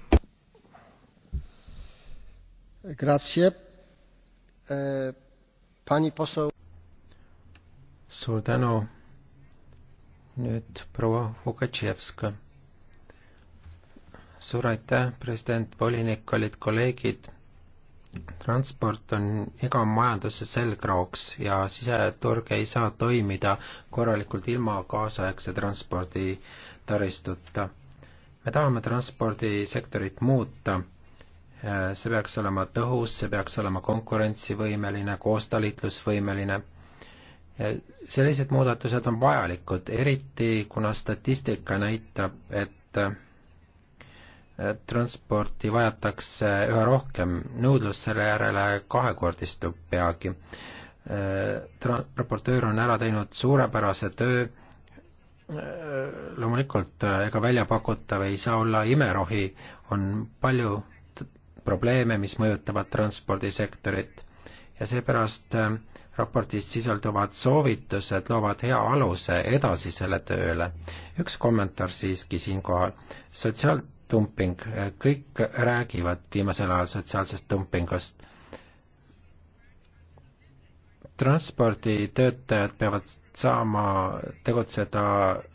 E, suur tänu. nüüd proua Hukatševska. suur aitäh, president, volinik, kallid kolleegid. transport on iga majanduse selgrooks ja siseturg ei saa toimida korralikult ilma kaasaegse transporditaristuta. me tahame transpordisektorit muuta Äh, see peaks olema tõhus, see peaks olema konkurentsivõimeline, koostalitlusvõimeline. Äh, sellised muudatused on vajalikud, eriti kuna statistika näitab, et äh, transporti vajatakse üha rohkem, nõudlus selle järele kahekordistub peagi. Tra-, raportöör on ära teinud suurepärase töö, loomulikult ega väljapakutav ei saa olla imerohi, on palju probleeme, mis mõjutavad transpordisektorit ja seepärast äh, raportis sisalduvad soovitused loovad hea aluse edasisele tööle. üks kommentaar siiski siinkohal. sotsiaaltumping, äh, kõik räägivad viimasel ajal sotsiaalsest dumpingust. transporditöötajad peavad saama tegutseda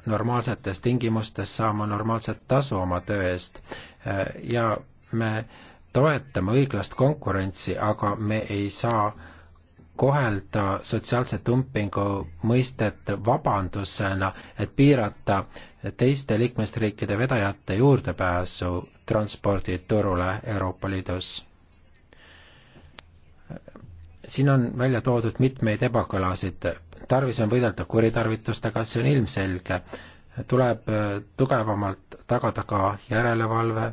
normaalsetes tingimustes, saama normaalset tasu oma töö eest äh, ja me äh, toetama õiglast konkurentsi, aga me ei saa kohelda sotsiaalse dumpingu mõistet vabandusena, et piirata teiste liikmesriikide vedajate juurdepääsu transporditurule Euroopa Liidus. siin on välja toodud mitmeid ebakõlasid, tarvis on võidelda kuritarvitustega, see on ilmselge, tuleb tugevamalt tagada ka järelevalve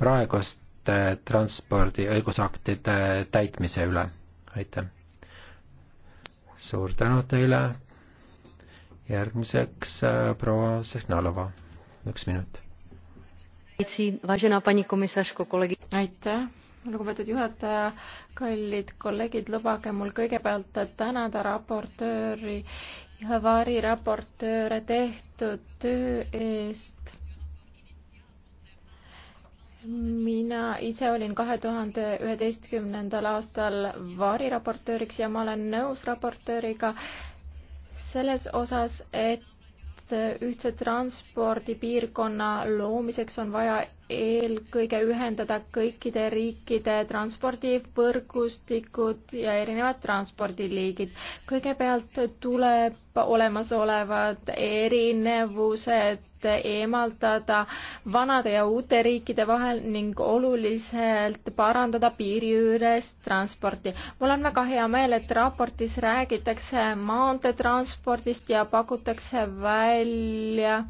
praeguste transpordi õigusaktide täitmise üle. aitäh! suur tänu teile! järgmiseks äh, proua Sehnalova, üks minut. aitäh, lugupeetud juhataja, kallid kolleegid, lubage mul kõigepealt tänada raportööri ja variraportööre tehtud töö eest mina ise olin kahe tuhande üheteistkümnendal aastal variraportööriks ja ma olen nõus raportööriga selles osas, et ühtse transpordipiirkonna loomiseks on vaja eelkõige ühendada kõikide riikide transpordivõrgustikud ja erinevad transpordiliigid. kõigepealt tuleb olemasolevad erinevused lõhet eemaldada vanade ja uute riikide vahel ning oluliselt parandada piiriülest transporti. mul on väga hea meel, et raportis räägitakse maanteetranspordist ja pakutakse välja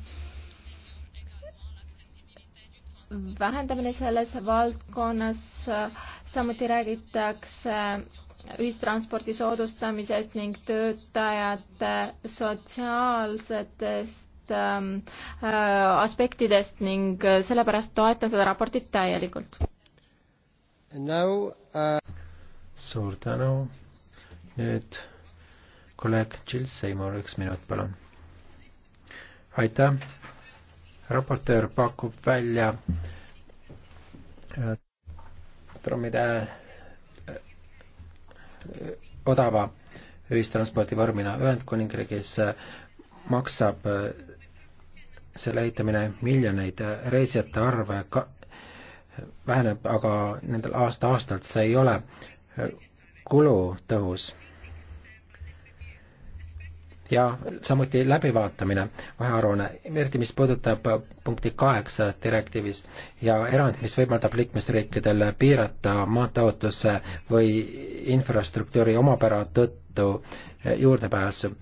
vähendamine selles valdkonnas, samuti räägitakse ühistranspordi soodustamisest ning töötajate sotsiaalsetest Ähm, äh, aspektidest ning äh, sellepärast toetan seda raportit täielikult. Uh... suur tänu. nüüd kolleeg Jill Seymour, üks minut, palun. aitäh. raportöör pakub välja trummide odava ühistranspordivormina Ühendkuningriigis maksab selle ehitamine miljoneid, reisijate arv ka-, väheneb aga nendel aasta-aastalt, see ei ole kulutõhus. ja samuti läbivaatamine, vahearuanne, eriti mis puudutab punkti kaheksa direktiivis ja erandit, mis võimaldab liikmesriikidel piirata maanteeohutuse või infrastruktuuri omapära tõttu juurdepääsu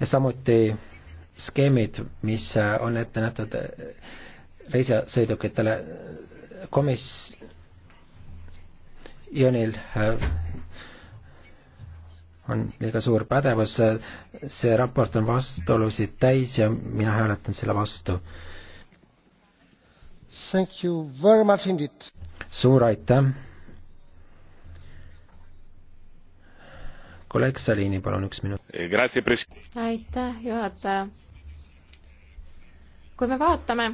ja samuti skeemid, mis äh, on ette nähtud äh, reisisõidukitele komisjonil äh, on liiga suur pädevus, see raport on vastuolusid täis ja mina hääletan selle vastu. suur aitäh! kolleeg Salini, palun üks minut. aitäh, juhataja. kui me vaatame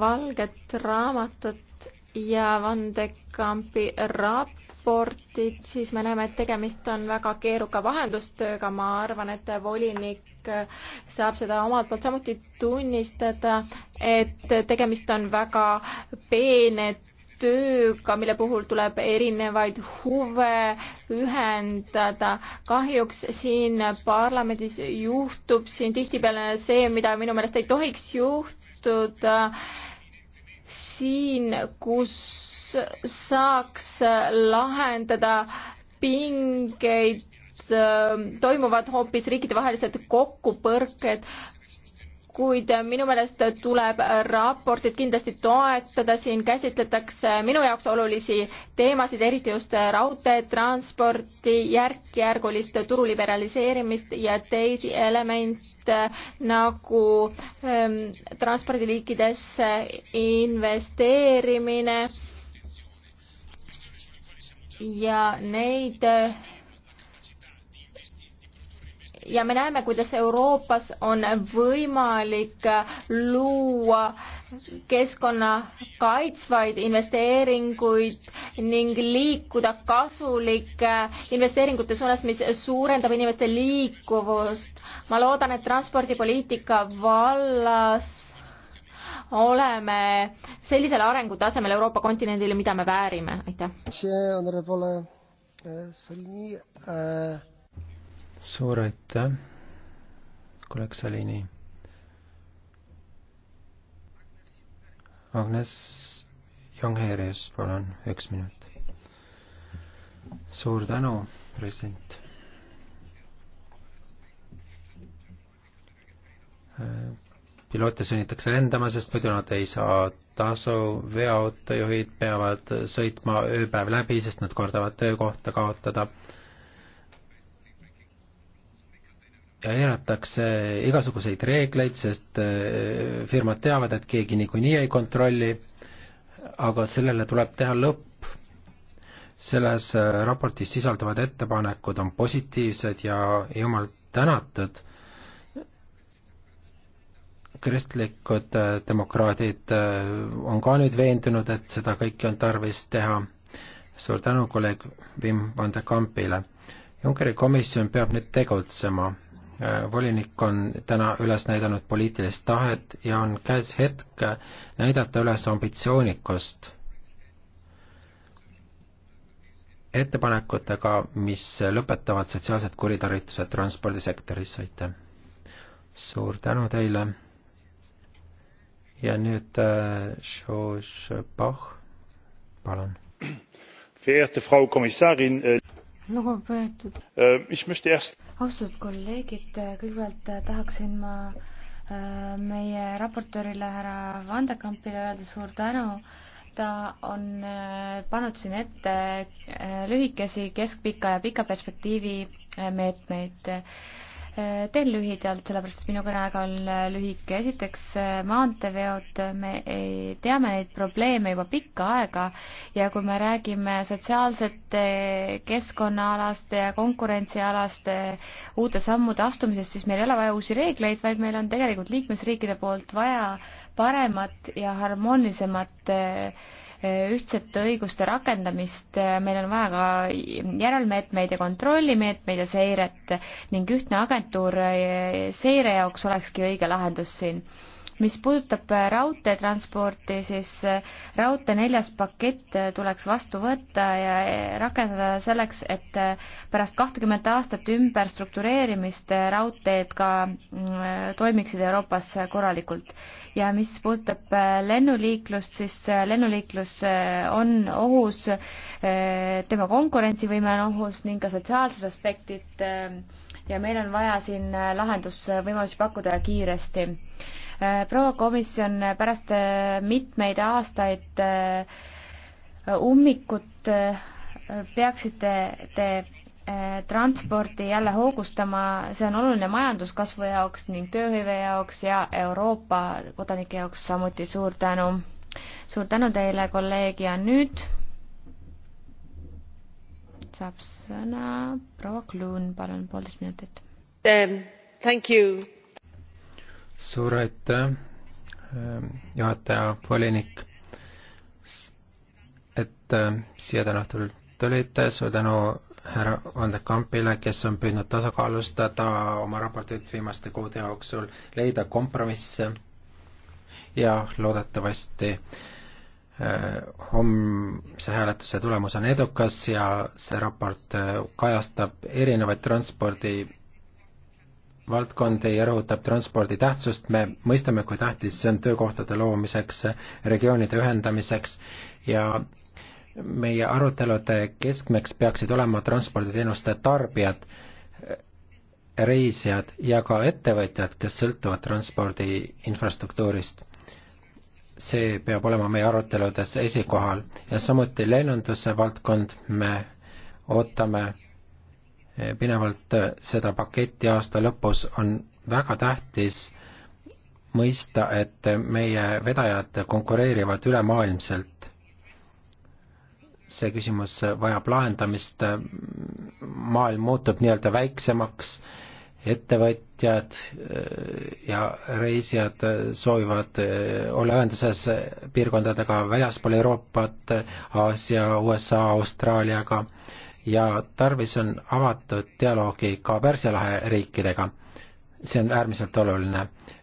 valget raamatut ja vandekampi raportit, siis me näeme, et tegemist on väga keeruka vahendustööga, ma arvan, et volinik saab seda omalt poolt samuti tunnistada, et tegemist on väga peene tööga, mille puhul tuleb erinevaid huve ühendada. kahjuks siin parlamendis juhtub siin tihtipeale see, mida minu meelest ei tohiks juhtuda siin, kus saaks lahendada pingeid, toimuvad hoopis riikidevahelised kokkupõrked kuid minu meelest tuleb raportit kindlasti toetada, siin käsitletakse minu jaoks olulisi teemasid, eriti just raudteetransporti, järk-järgulist turu liberaliseerimist ja teisi elemente nagu ähm, transpordiliikidesse investeerimine ja neid äh, ja me näeme, kuidas Euroopas on võimalik luua keskkonna kaitsvaid investeeringuid ning liikuda kasulike investeeringute suunas, mis suurendab inimeste liikuvust. ma loodan, et transpordipoliitika vallas oleme sellisel arengutasemel Euroopa kontinendil, mida me väärime, aitäh suur aitäh, kolleeg Salini. Agnes Jongerius, palun, üks minut. suur tänu, president piloote sunnitakse lendama, sest muidu nad ei saa tasu, veoautojuhid peavad sõitma ööpäev läbi, sest nad kardavad töökohta kaotada. eiratakse igasuguseid reegleid, sest äh, firmad teavad, et keegi niikuinii ei kontrolli, aga sellele tuleb teha lõpp. selles äh, raportis sisalduvad ettepanekud on positiivsed ja jumal tänatud. kristlikud äh, demokraadid on ka nüüd veendunud, et seda kõike on tarvis teha. suur tänu kolleeg Wim van de Kampile. Junckeri komisjon peab nüüd tegutsema volinik on täna üles näidanud poliitilist tahet ja on käes hetk näidata üles ambitsioonikust ettepanekutega, mis lõpetavad sotsiaalsed kuritarvitused transpordisektoris, aitäh! suur tänu teile! ja nüüd äh, Bach, palun! Verehrte Frau Kommissarin äh lugupeetud äh, austatud kolleegid, äh, kõigepealt äh, tahaksin ma meie raportöörile härra Vandekampile öelda suur tänu ta on pannud siin ette lühikesi, keskpika ja pika perspektiivi meetmeid meet teen lühidalt, sellepärast et minu kõneaeg on äh, lühike. esiteks äh, maanteeveod, me ei, teame neid probleeme juba pikka aega ja kui me räägime sotsiaalsete, äh, keskkonnaalaste ja konkurentsialaste uute sammude astumisest, siis meil ei ole vaja uusi reegleid, vaid meil on tegelikult liikmesriikide poolt vaja paremat ja harmoonilisemat ühtsete õiguste rakendamist, meil on vaja ka järelmeetmeid ja kontrollimeetmeid ja seiret ning ühtne agentuur seire jaoks olekski õige lahendus siin mis puudutab äh, raudteetransporti, siis äh, raudtee neljas pakett äh, tuleks vastu võtta ja rakendada selleks, et pärast kahtekümmet aastat ümberstruktureerimist raudteed ka mm, toimiksid Euroopas korralikult. ja mis puudutab lennuliiklust, siis lennuliiklus on ohus, tema konkurentsivõime on ohus ning ka sotsiaalsed aspektid ja meil on vaja siin lahendusvõimalusi pakkuda kiiresti Äh, proua komisjon, äh, pärast äh, mitmeid aastaid ummikut peaksite te transporti jälle hoogustama, see on oluline majanduskasvu jaoks ning tööhõive jaoks ja Euroopa kodanike jaoks samuti suur tänu. suur tänu teile, kolleeg, ja nüüd saab sõna proua Kluun, palun, poolteist minutit um,. Thank you suur aitäh, ähm, juhataja, volinik, et ähm, siia täna õhtul tulite, suur tänu härra Vandekampile, kes on püüdnud tasakaalustada oma raportit viimaste kuude jooksul, leida kompromisse ja loodetavasti äh, homse hääletuse tulemus on edukas ja see raport äh, kajastab erinevaid transpordi valdkond ei rõhutab transpordi tähtsust, me mõistame, kui tähtis see on töökohtade loomiseks, regioonide ühendamiseks ja meie arutelude keskmeks peaksid olema transporditeenuste tarbijad, reisijad ja ka ettevõtjad, kes sõltuvad transpordi infrastruktuurist. see peab olema meie aruteludes esikohal ja samuti lennunduse valdkond, me ootame Eh, pidevalt eh, seda paketti aasta lõpus, on väga tähtis mõista, et eh, meie vedajad konkureerivad ülemaailmselt. see küsimus vajab lahendamist, maailm muutub nii-öelda väiksemaks, ettevõtjad ja reisijad soovivad olla ühenduses piirkondadega väljaspool Euroopat, Aasia, USA, Austraaliaga ja tarvis on avatud dialoogi ka Pärsia lahe riikidega. see on äärmiselt oluline,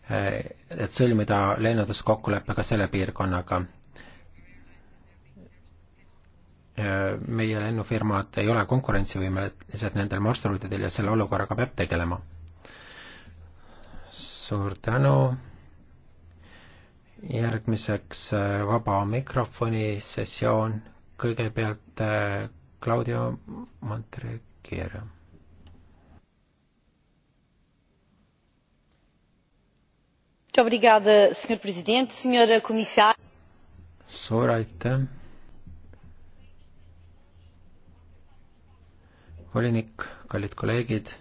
eh, et sõlmida lennunduskokkulepe ka selle piirkonnaga. Eh, meie lennufirmad ei ole konkurentsivõimelised nendel marsruutidel ja selle olukorraga peab tegelema. suur tänu järgmiseks eh, vaba mikrofoni sessioon, kõigepealt Claudia Mantre-Chiera. suur aitäh. volinik, kallid kolleegid.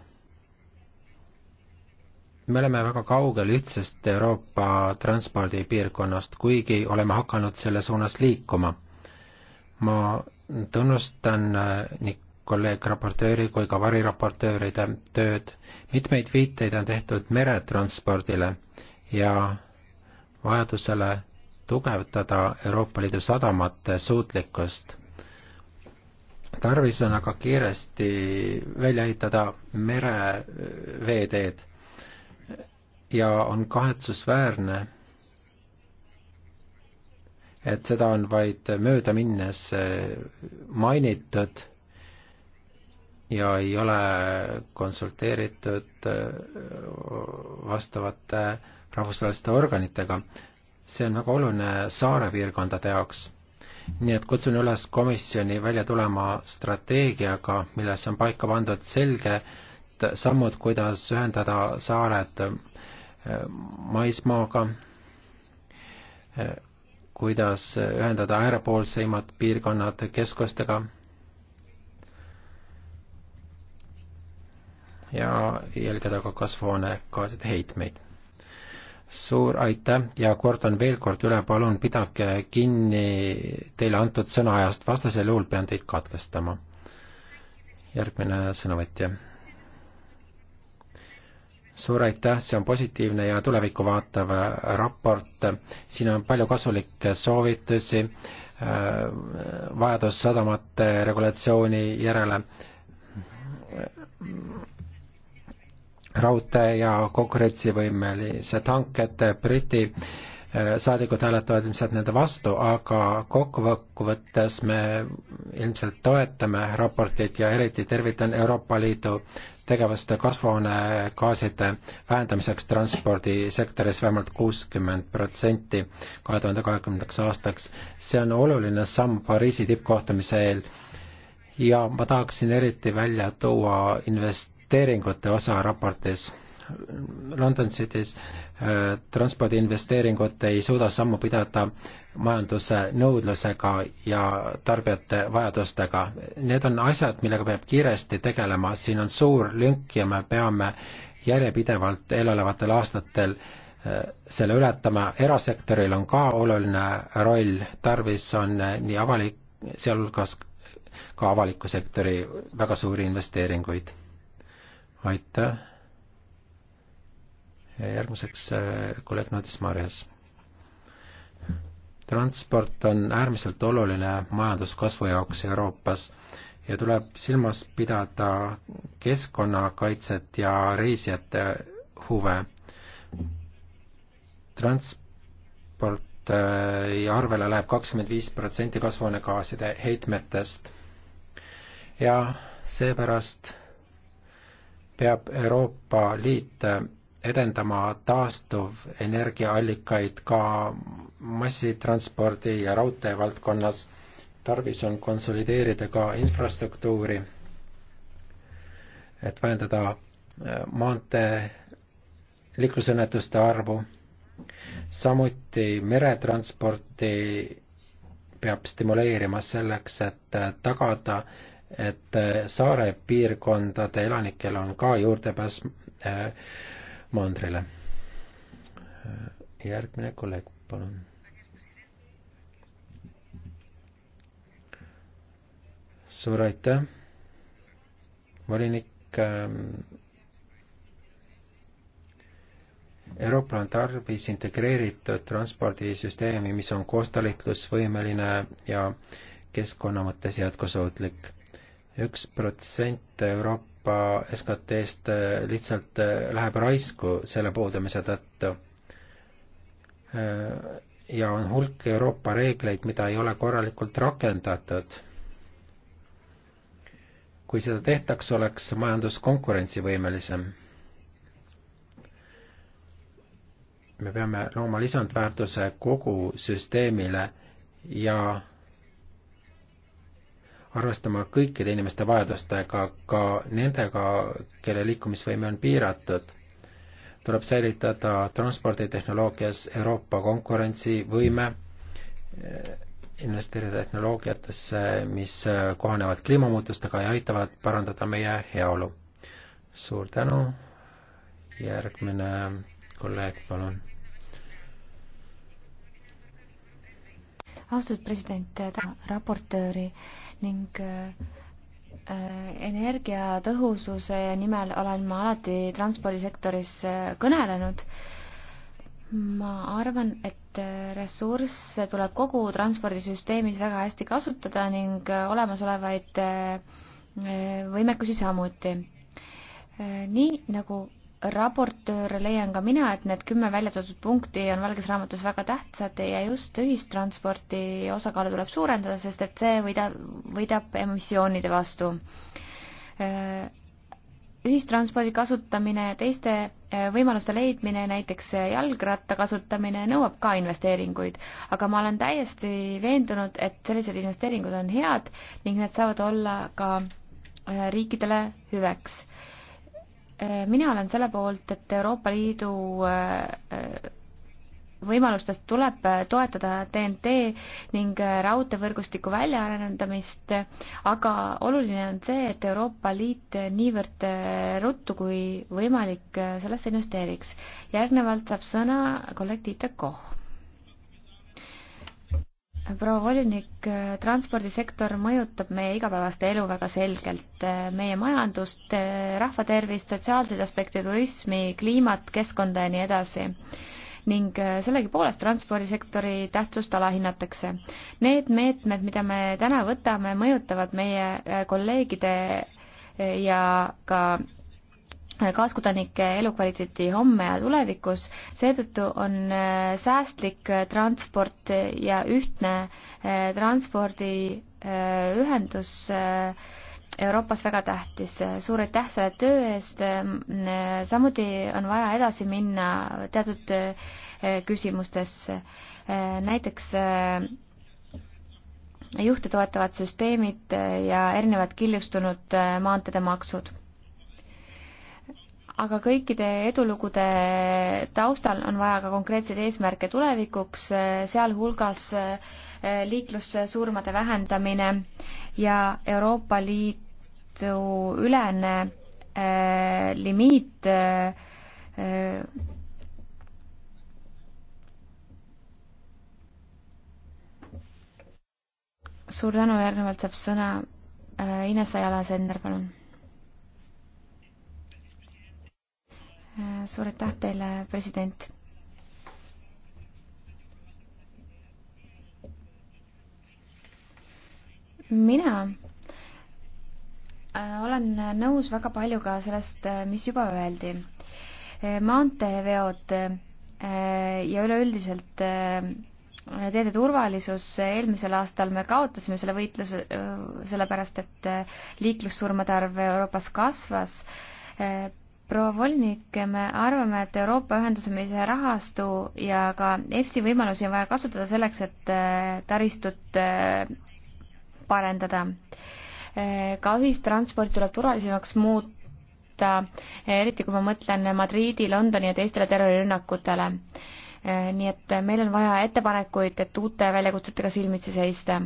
me oleme väga kaugel ühtsest Euroopa transpordipiirkonnast, kuigi oleme hakanud selle suunas liikuma. ma tunnustan äh, nii kolleeg raportööri kui ka variraportööride tööd. mitmeid viiteid on tehtud meretranspordile ja vajadusele tugevdada Euroopa Liidu sadamate suutlikkust. tarvis on aga kiiresti välja ehitada mereveeteed ja on kahetsusväärne et seda on vaid möödaminnes mainitud ja ei ole konsulteeritud vastavate rahvusvaheliste organitega. see on väga oluline saare piirkondade jaoks. nii et kutsun üles komisjoni välja tulema strateegiaga, milles on paika pandud selged sammud, kuidas ühendada saared maismaaga kuidas ühendada äärepoolseimad piirkonnad keskustega ja jälgida ka kasvuhoonegaaside heitmeid. suur aitäh ja kordan veel kord üle, palun pidage kinni teile antud sõnaajast, vastasel juhul pean teid katkestama. järgmine sõnavõtja suur aitäh, see on positiivne ja tulevikku vaatav äh, raport. siin on palju kasulikke soovitusi, äh, vajadus sadamate regulatsiooni järele, raudtee ja konkurentsivõimelised hanked, Briti äh, saadikud hääletavad ilmselt nende vastu, aga kokkuvõttes me ilmselt toetame raportit ja eriti tervitan Euroopa Liidu tegevuste kasvuhoonegaaside vähendamiseks transpordisektoris vähemalt kuuskümmend protsenti kahe tuhande kahekümnendaks aastaks. see on oluline samm Pariisi tippkohtumise eel ja ma tahaksin eriti välja tuua investeeringute osa raportis London City's äh, transpordiinvesteeringud ei suuda sammu pidada majanduse nõudlusega ja tarbijate vajadustega. Need on asjad, millega peab kiiresti tegelema, siin on suur lünk ja me peame järjepidevalt eelolevatel aastatel äh, selle ületama, erasektoril on ka oluline roll, tarvis on äh, nii avalik, sealhulgas ka avaliku sektori väga suuri investeeringuid. aitäh! järgmiseks äh, kolleeg Nadis Marjas. transport on äärmiselt oluline majanduskasvu jaoks Euroopas ja tuleb silmas pidada keskkonnakaitset ja reisijate huve. transport ja äh, arvele läheb kakskümmend viis protsenti kasvuhoonegaaside heitmetest ja seepärast peab Euroopa Liit äh, edendama taastuvenergiaallikaid ka massitranspordi ja raudtee valdkonnas. tarvis on konsolideerida ka infrastruktuuri, et vähendada äh, maantee liiklusõnnetuste arvu. samuti meretransporti peab stimuleerima selleks, et äh, tagada, et äh, saare piirkondade elanikel on ka juurdepääs äh, mandrile. järgmine kolleeg, palun. suur aitäh, volinik ähm, Euroopa on tarvis integreeritud transpordisüsteemi, mis on koostalitlusvõimeline ja keskkonna mõttes jätkusuutlik. üks protsent Euroopa Euroopa SKT-st äh, lihtsalt äh, läheb raisku selle puudumise tõttu. Äh, ja on hulk Euroopa reegleid, mida ei ole korralikult rakendatud. kui seda tehtaks, oleks majandus konkurentsivõimelisem. me peame looma lisandväärtuse kogu süsteemile ja arvestama kõikide inimeste vajadustega, ka nendega, kelle liikumisvõime on piiratud. tuleb säilitada transporditehnoloogias Euroopa konkurentsivõime, investeerida tehnoloogiatesse, mis kohanevad kliimamuutustega ja aitavad parandada meie heaolu. suur tänu, järgmine kolleeg, palun austatud president, raportööri ning äh, äh, energiatõhususe nimel olen ma alati transpordisektoris äh, kõnelenud. ma arvan, et ressursse tuleb kogu transpordisüsteemis väga hästi kasutada ning olemasolevaid võimekusi samuti. nii nagu raportöör leian ka mina, et need kümme välja toodud punkti on Valges Raamatus väga tähtsad ja just ühistranspordi osakaalu tuleb suurendada, sest et see võida, võidab emissioonide vastu. ühistranspordi kasutamine, teiste eh, võimaluste leidmine, näiteks jalgratta kasutamine nõuab ka investeeringuid, aga ma olen täiesti veendunud, et sellised investeeringud on head ning need saavad olla ka eh, riikidele hüveks Äh, mina olen selle poolt, et Euroopa Liidu äh, äh, võimalustest tuleb toetada TNT ning raudteevõrgustiku väljaarendamist, aga oluline on see, et Euroopa Liit niivõrd ruttu kui võimalik sellesse investeeriks. järgnevalt saab sõna kolleeg Tiit Koh proua volinik, transpordisektor mõjutab meie igapäevast elu väga selgelt, meie majandust, rahvatervist, sotsiaalseid aspekte, turismi, kliimat, keskkonda ja nii edasi ning sellegipoolest transpordisektori tähtsust alahinnatakse. Need meetmed, mida me täna võtame, mõjutavad meie kolleegide ja ka kaaskodanike elukvaliteeti homme ja tulevikus, seetõttu on äh, säästlik äh, transport ja ühtne äh, transpordiühendus Euroopas väga tähtis. suur aitäh selle töö eest, ähm, samuti on vaja edasi minna teatud küsimustes, näiteks juhte toetavad süsteemid ja erinevad killustunud maanteede maksud aga kõikide edulugude taustal on vaja ka konkreetseid eesmärke tulevikuks, sealhulgas eh, liiklussurmade vähendamine ja Euroopa Liidu ülene äh, limiit äh, suur tänu, järgnevalt saab sõna äh, Ines Ajala-Sender, palun suur aitäh teile, president. mina äh, olen nõus väga paljuga sellest, äh, mis juba öeldi. Äh, maanteeveod ja üleüldiselt teede turvalisus, eelmisel aastal me kaotasime selle võitluse sellepärast, et liiklussurmade arv Euroopas kasvas proua Volnik, me arvame, et Euroopa ühendamise rahastu ja ka EFSI võimalusi on vaja kasutada selleks, et äh, taristut äh, parendada. Äh, ka ühistransport tuleb turvalisemaks muuta, eriti kui ma mõtlen Madriidi, Londoni ja teistele terrorirünnakutele. nii et meil on vaja ettepanekuid, et uute väljakutsetega silmitsi seista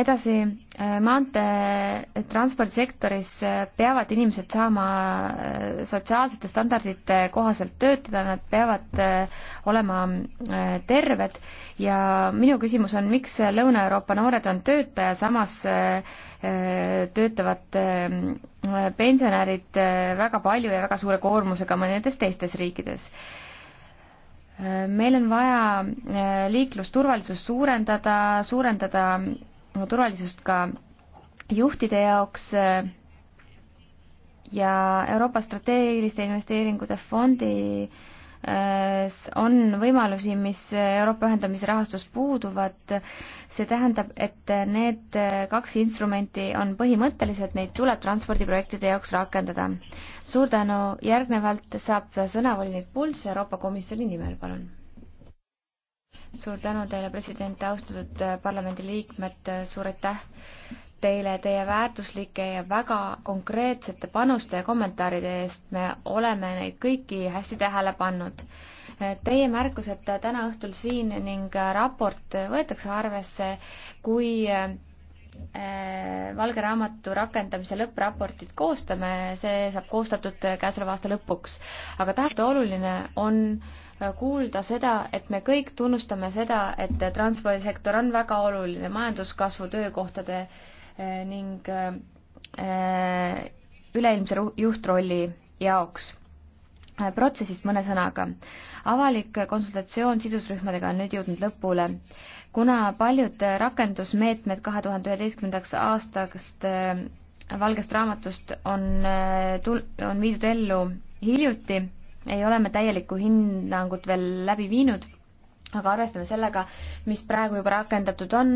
edasi, äh, maanteetranspordisektoris äh, äh, peavad inimesed saama sotsiaalsete standardite kohaselt töötada, nad peavad olema terved ja minu küsimus on, miks Lõuna-Euroopa noored on tööta ja samas töötavad pensionärid väga palju ja väga suure koormusega mõnedes teistes riikides meil on vaja liiklusturvalisust suurendada, suurendada turvalisust ka juhtide jaoks äh, ja Euroopa strateegiliste investeeringute fondi äh, on võimalusi, mis Euroopa ühendamise rahastus puuduvad. see tähendab, et need kaks instrumenti on põhimõttelised, neid tuleb transpordiprojektide jaoks rakendada. suur tänu, järgnevalt saab sõna volinik Puls Euroopa Komisjoni nimel, palun suur tänu teile, president, austatud äh, parlamendiliikmed, suur aitäh teile teie väärtuslike ja väga konkreetsete panuste ja kommentaaride eest, me oleme neid kõiki hästi tähele pannud. Äh, teie märkused täna õhtul siin ning äh, raport võetakse arvesse, kui valge raamatu rakendamise lõppraportit koostame, see saab koostatud käesoleva aasta lõpuks. aga tähelepanuoluline on äh, kuulda seda, et me kõik tunnustame seda, et transpordisektor on väga oluline majanduskasvu, töökohtade eh, ning eh, üleilmse juhtrolli jaoks. Eh, protsessist mõne sõnaga. avalik konsultatsioon sidusrühmadega on nüüd jõudnud lõpule. kuna paljud rakendusmeetmed kahe tuhande üheteistkümnendaks aastast valgest raamatust on tul-, on viidud ellu hiljuti, ei ole me täielikku hinnangut veel läbi viinud, aga arvestame sellega, mis praegu juba rakendatud on,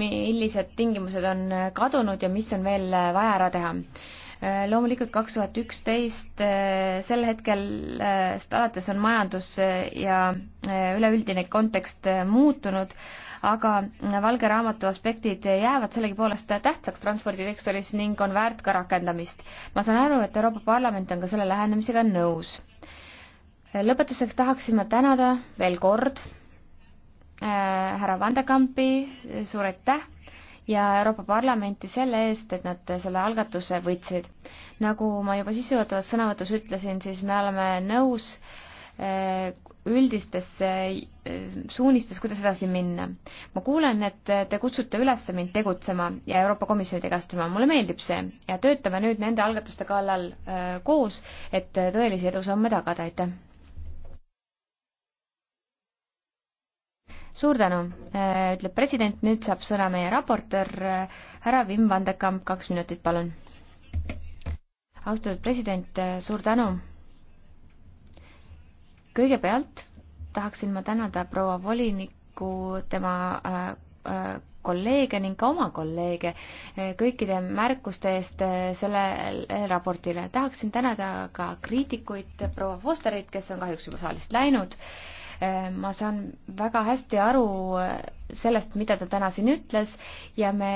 millised tingimused on kadunud ja mis on veel vaja ära teha loomulikult kaks tuhat üksteist, sel hetkelst alates on majandus ja üleüldine kontekst muutunud, aga valge raamatu aspektid jäävad sellegipoolest tähtsaks transpordisektoris ning on väärt ka rakendamist. ma saan aru, et Euroopa Parlament on ka selle lähenemisega nõus lõpetuseks tahaksime tänada veel kord äh, härra Vandekampi, suur aitäh ja Euroopa Parlamenti selle eest, et nad selle algatuse võtsid. nagu ma juba sissejuhatavas sõnavõtus ütlesin, siis me oleme nõus äh, üldistes äh, suunistes, kuidas edasi minna. ma kuulen, et te kutsute üles mind tegutsema ja Euroopa Komisjoni tegastama, mulle meeldib see ja töötame nüüd nende algatuste kallal äh, koos, et tõelisi edusamme tagada, aitäh! suur tänu, äh, ütleb president, nüüd saab sõna meie raportöör äh, härra Wim Vandekamp, kaks minutit, palun. austatud president, äh, suur tänu. kõigepealt tahaksin ma tänada proua volinikku, tema kolleege ning ka oma kolleege kõikide märkuste eest sellele raportile. tahaksin tänada ka kriitikuid, proua Fosterit, kes on kahjuks juba saalist läinud Ehm, ma saan väga hästi aru eh, sellest, mida ta täna siin ütles ja me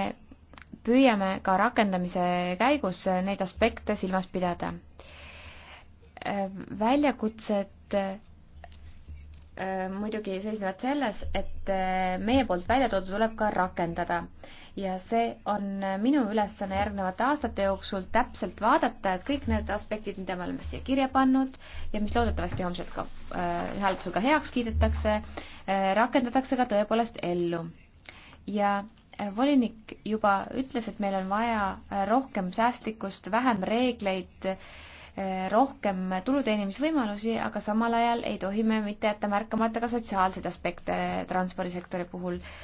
püüame ka rakendamise käigus eh, neid aspekte silmas pidada. Ehm, väljakutsed eh, muidugi seisnevad selles, et meie poolt välja toodud tuleb ka rakendada ja see on minu ülesanne järgnevate aastate jooksul täpselt vaadata, et kõik need aspektid, mida me oleme siia kirja pannud ja mis loodetavasti homselt ka äh, hääletusel ka heaks kiidetakse äh,, rakendatakse ka tõepoolest ellu. ja äh, volinik juba ütles, et meil on vaja äh, rohkem säästlikkust, vähem reegleid äh,, rohkem tuluteenimisvõimalusi, aga samal ajal ei tohi me mitte jätta märkamata ka sotsiaalseid aspekte äh, transpordisektori puhul äh,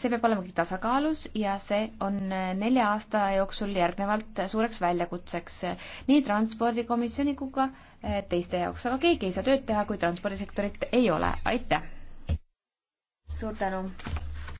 see peab olema tasakaalus ja see on nelja aasta jooksul järgnevalt suureks väljakutseks nii transpordikomisjoni kui ka eh, teiste jaoks, aga keegi ei saa tööd teha, kui transpordisektorit ei ole. aitäh! suur tänu!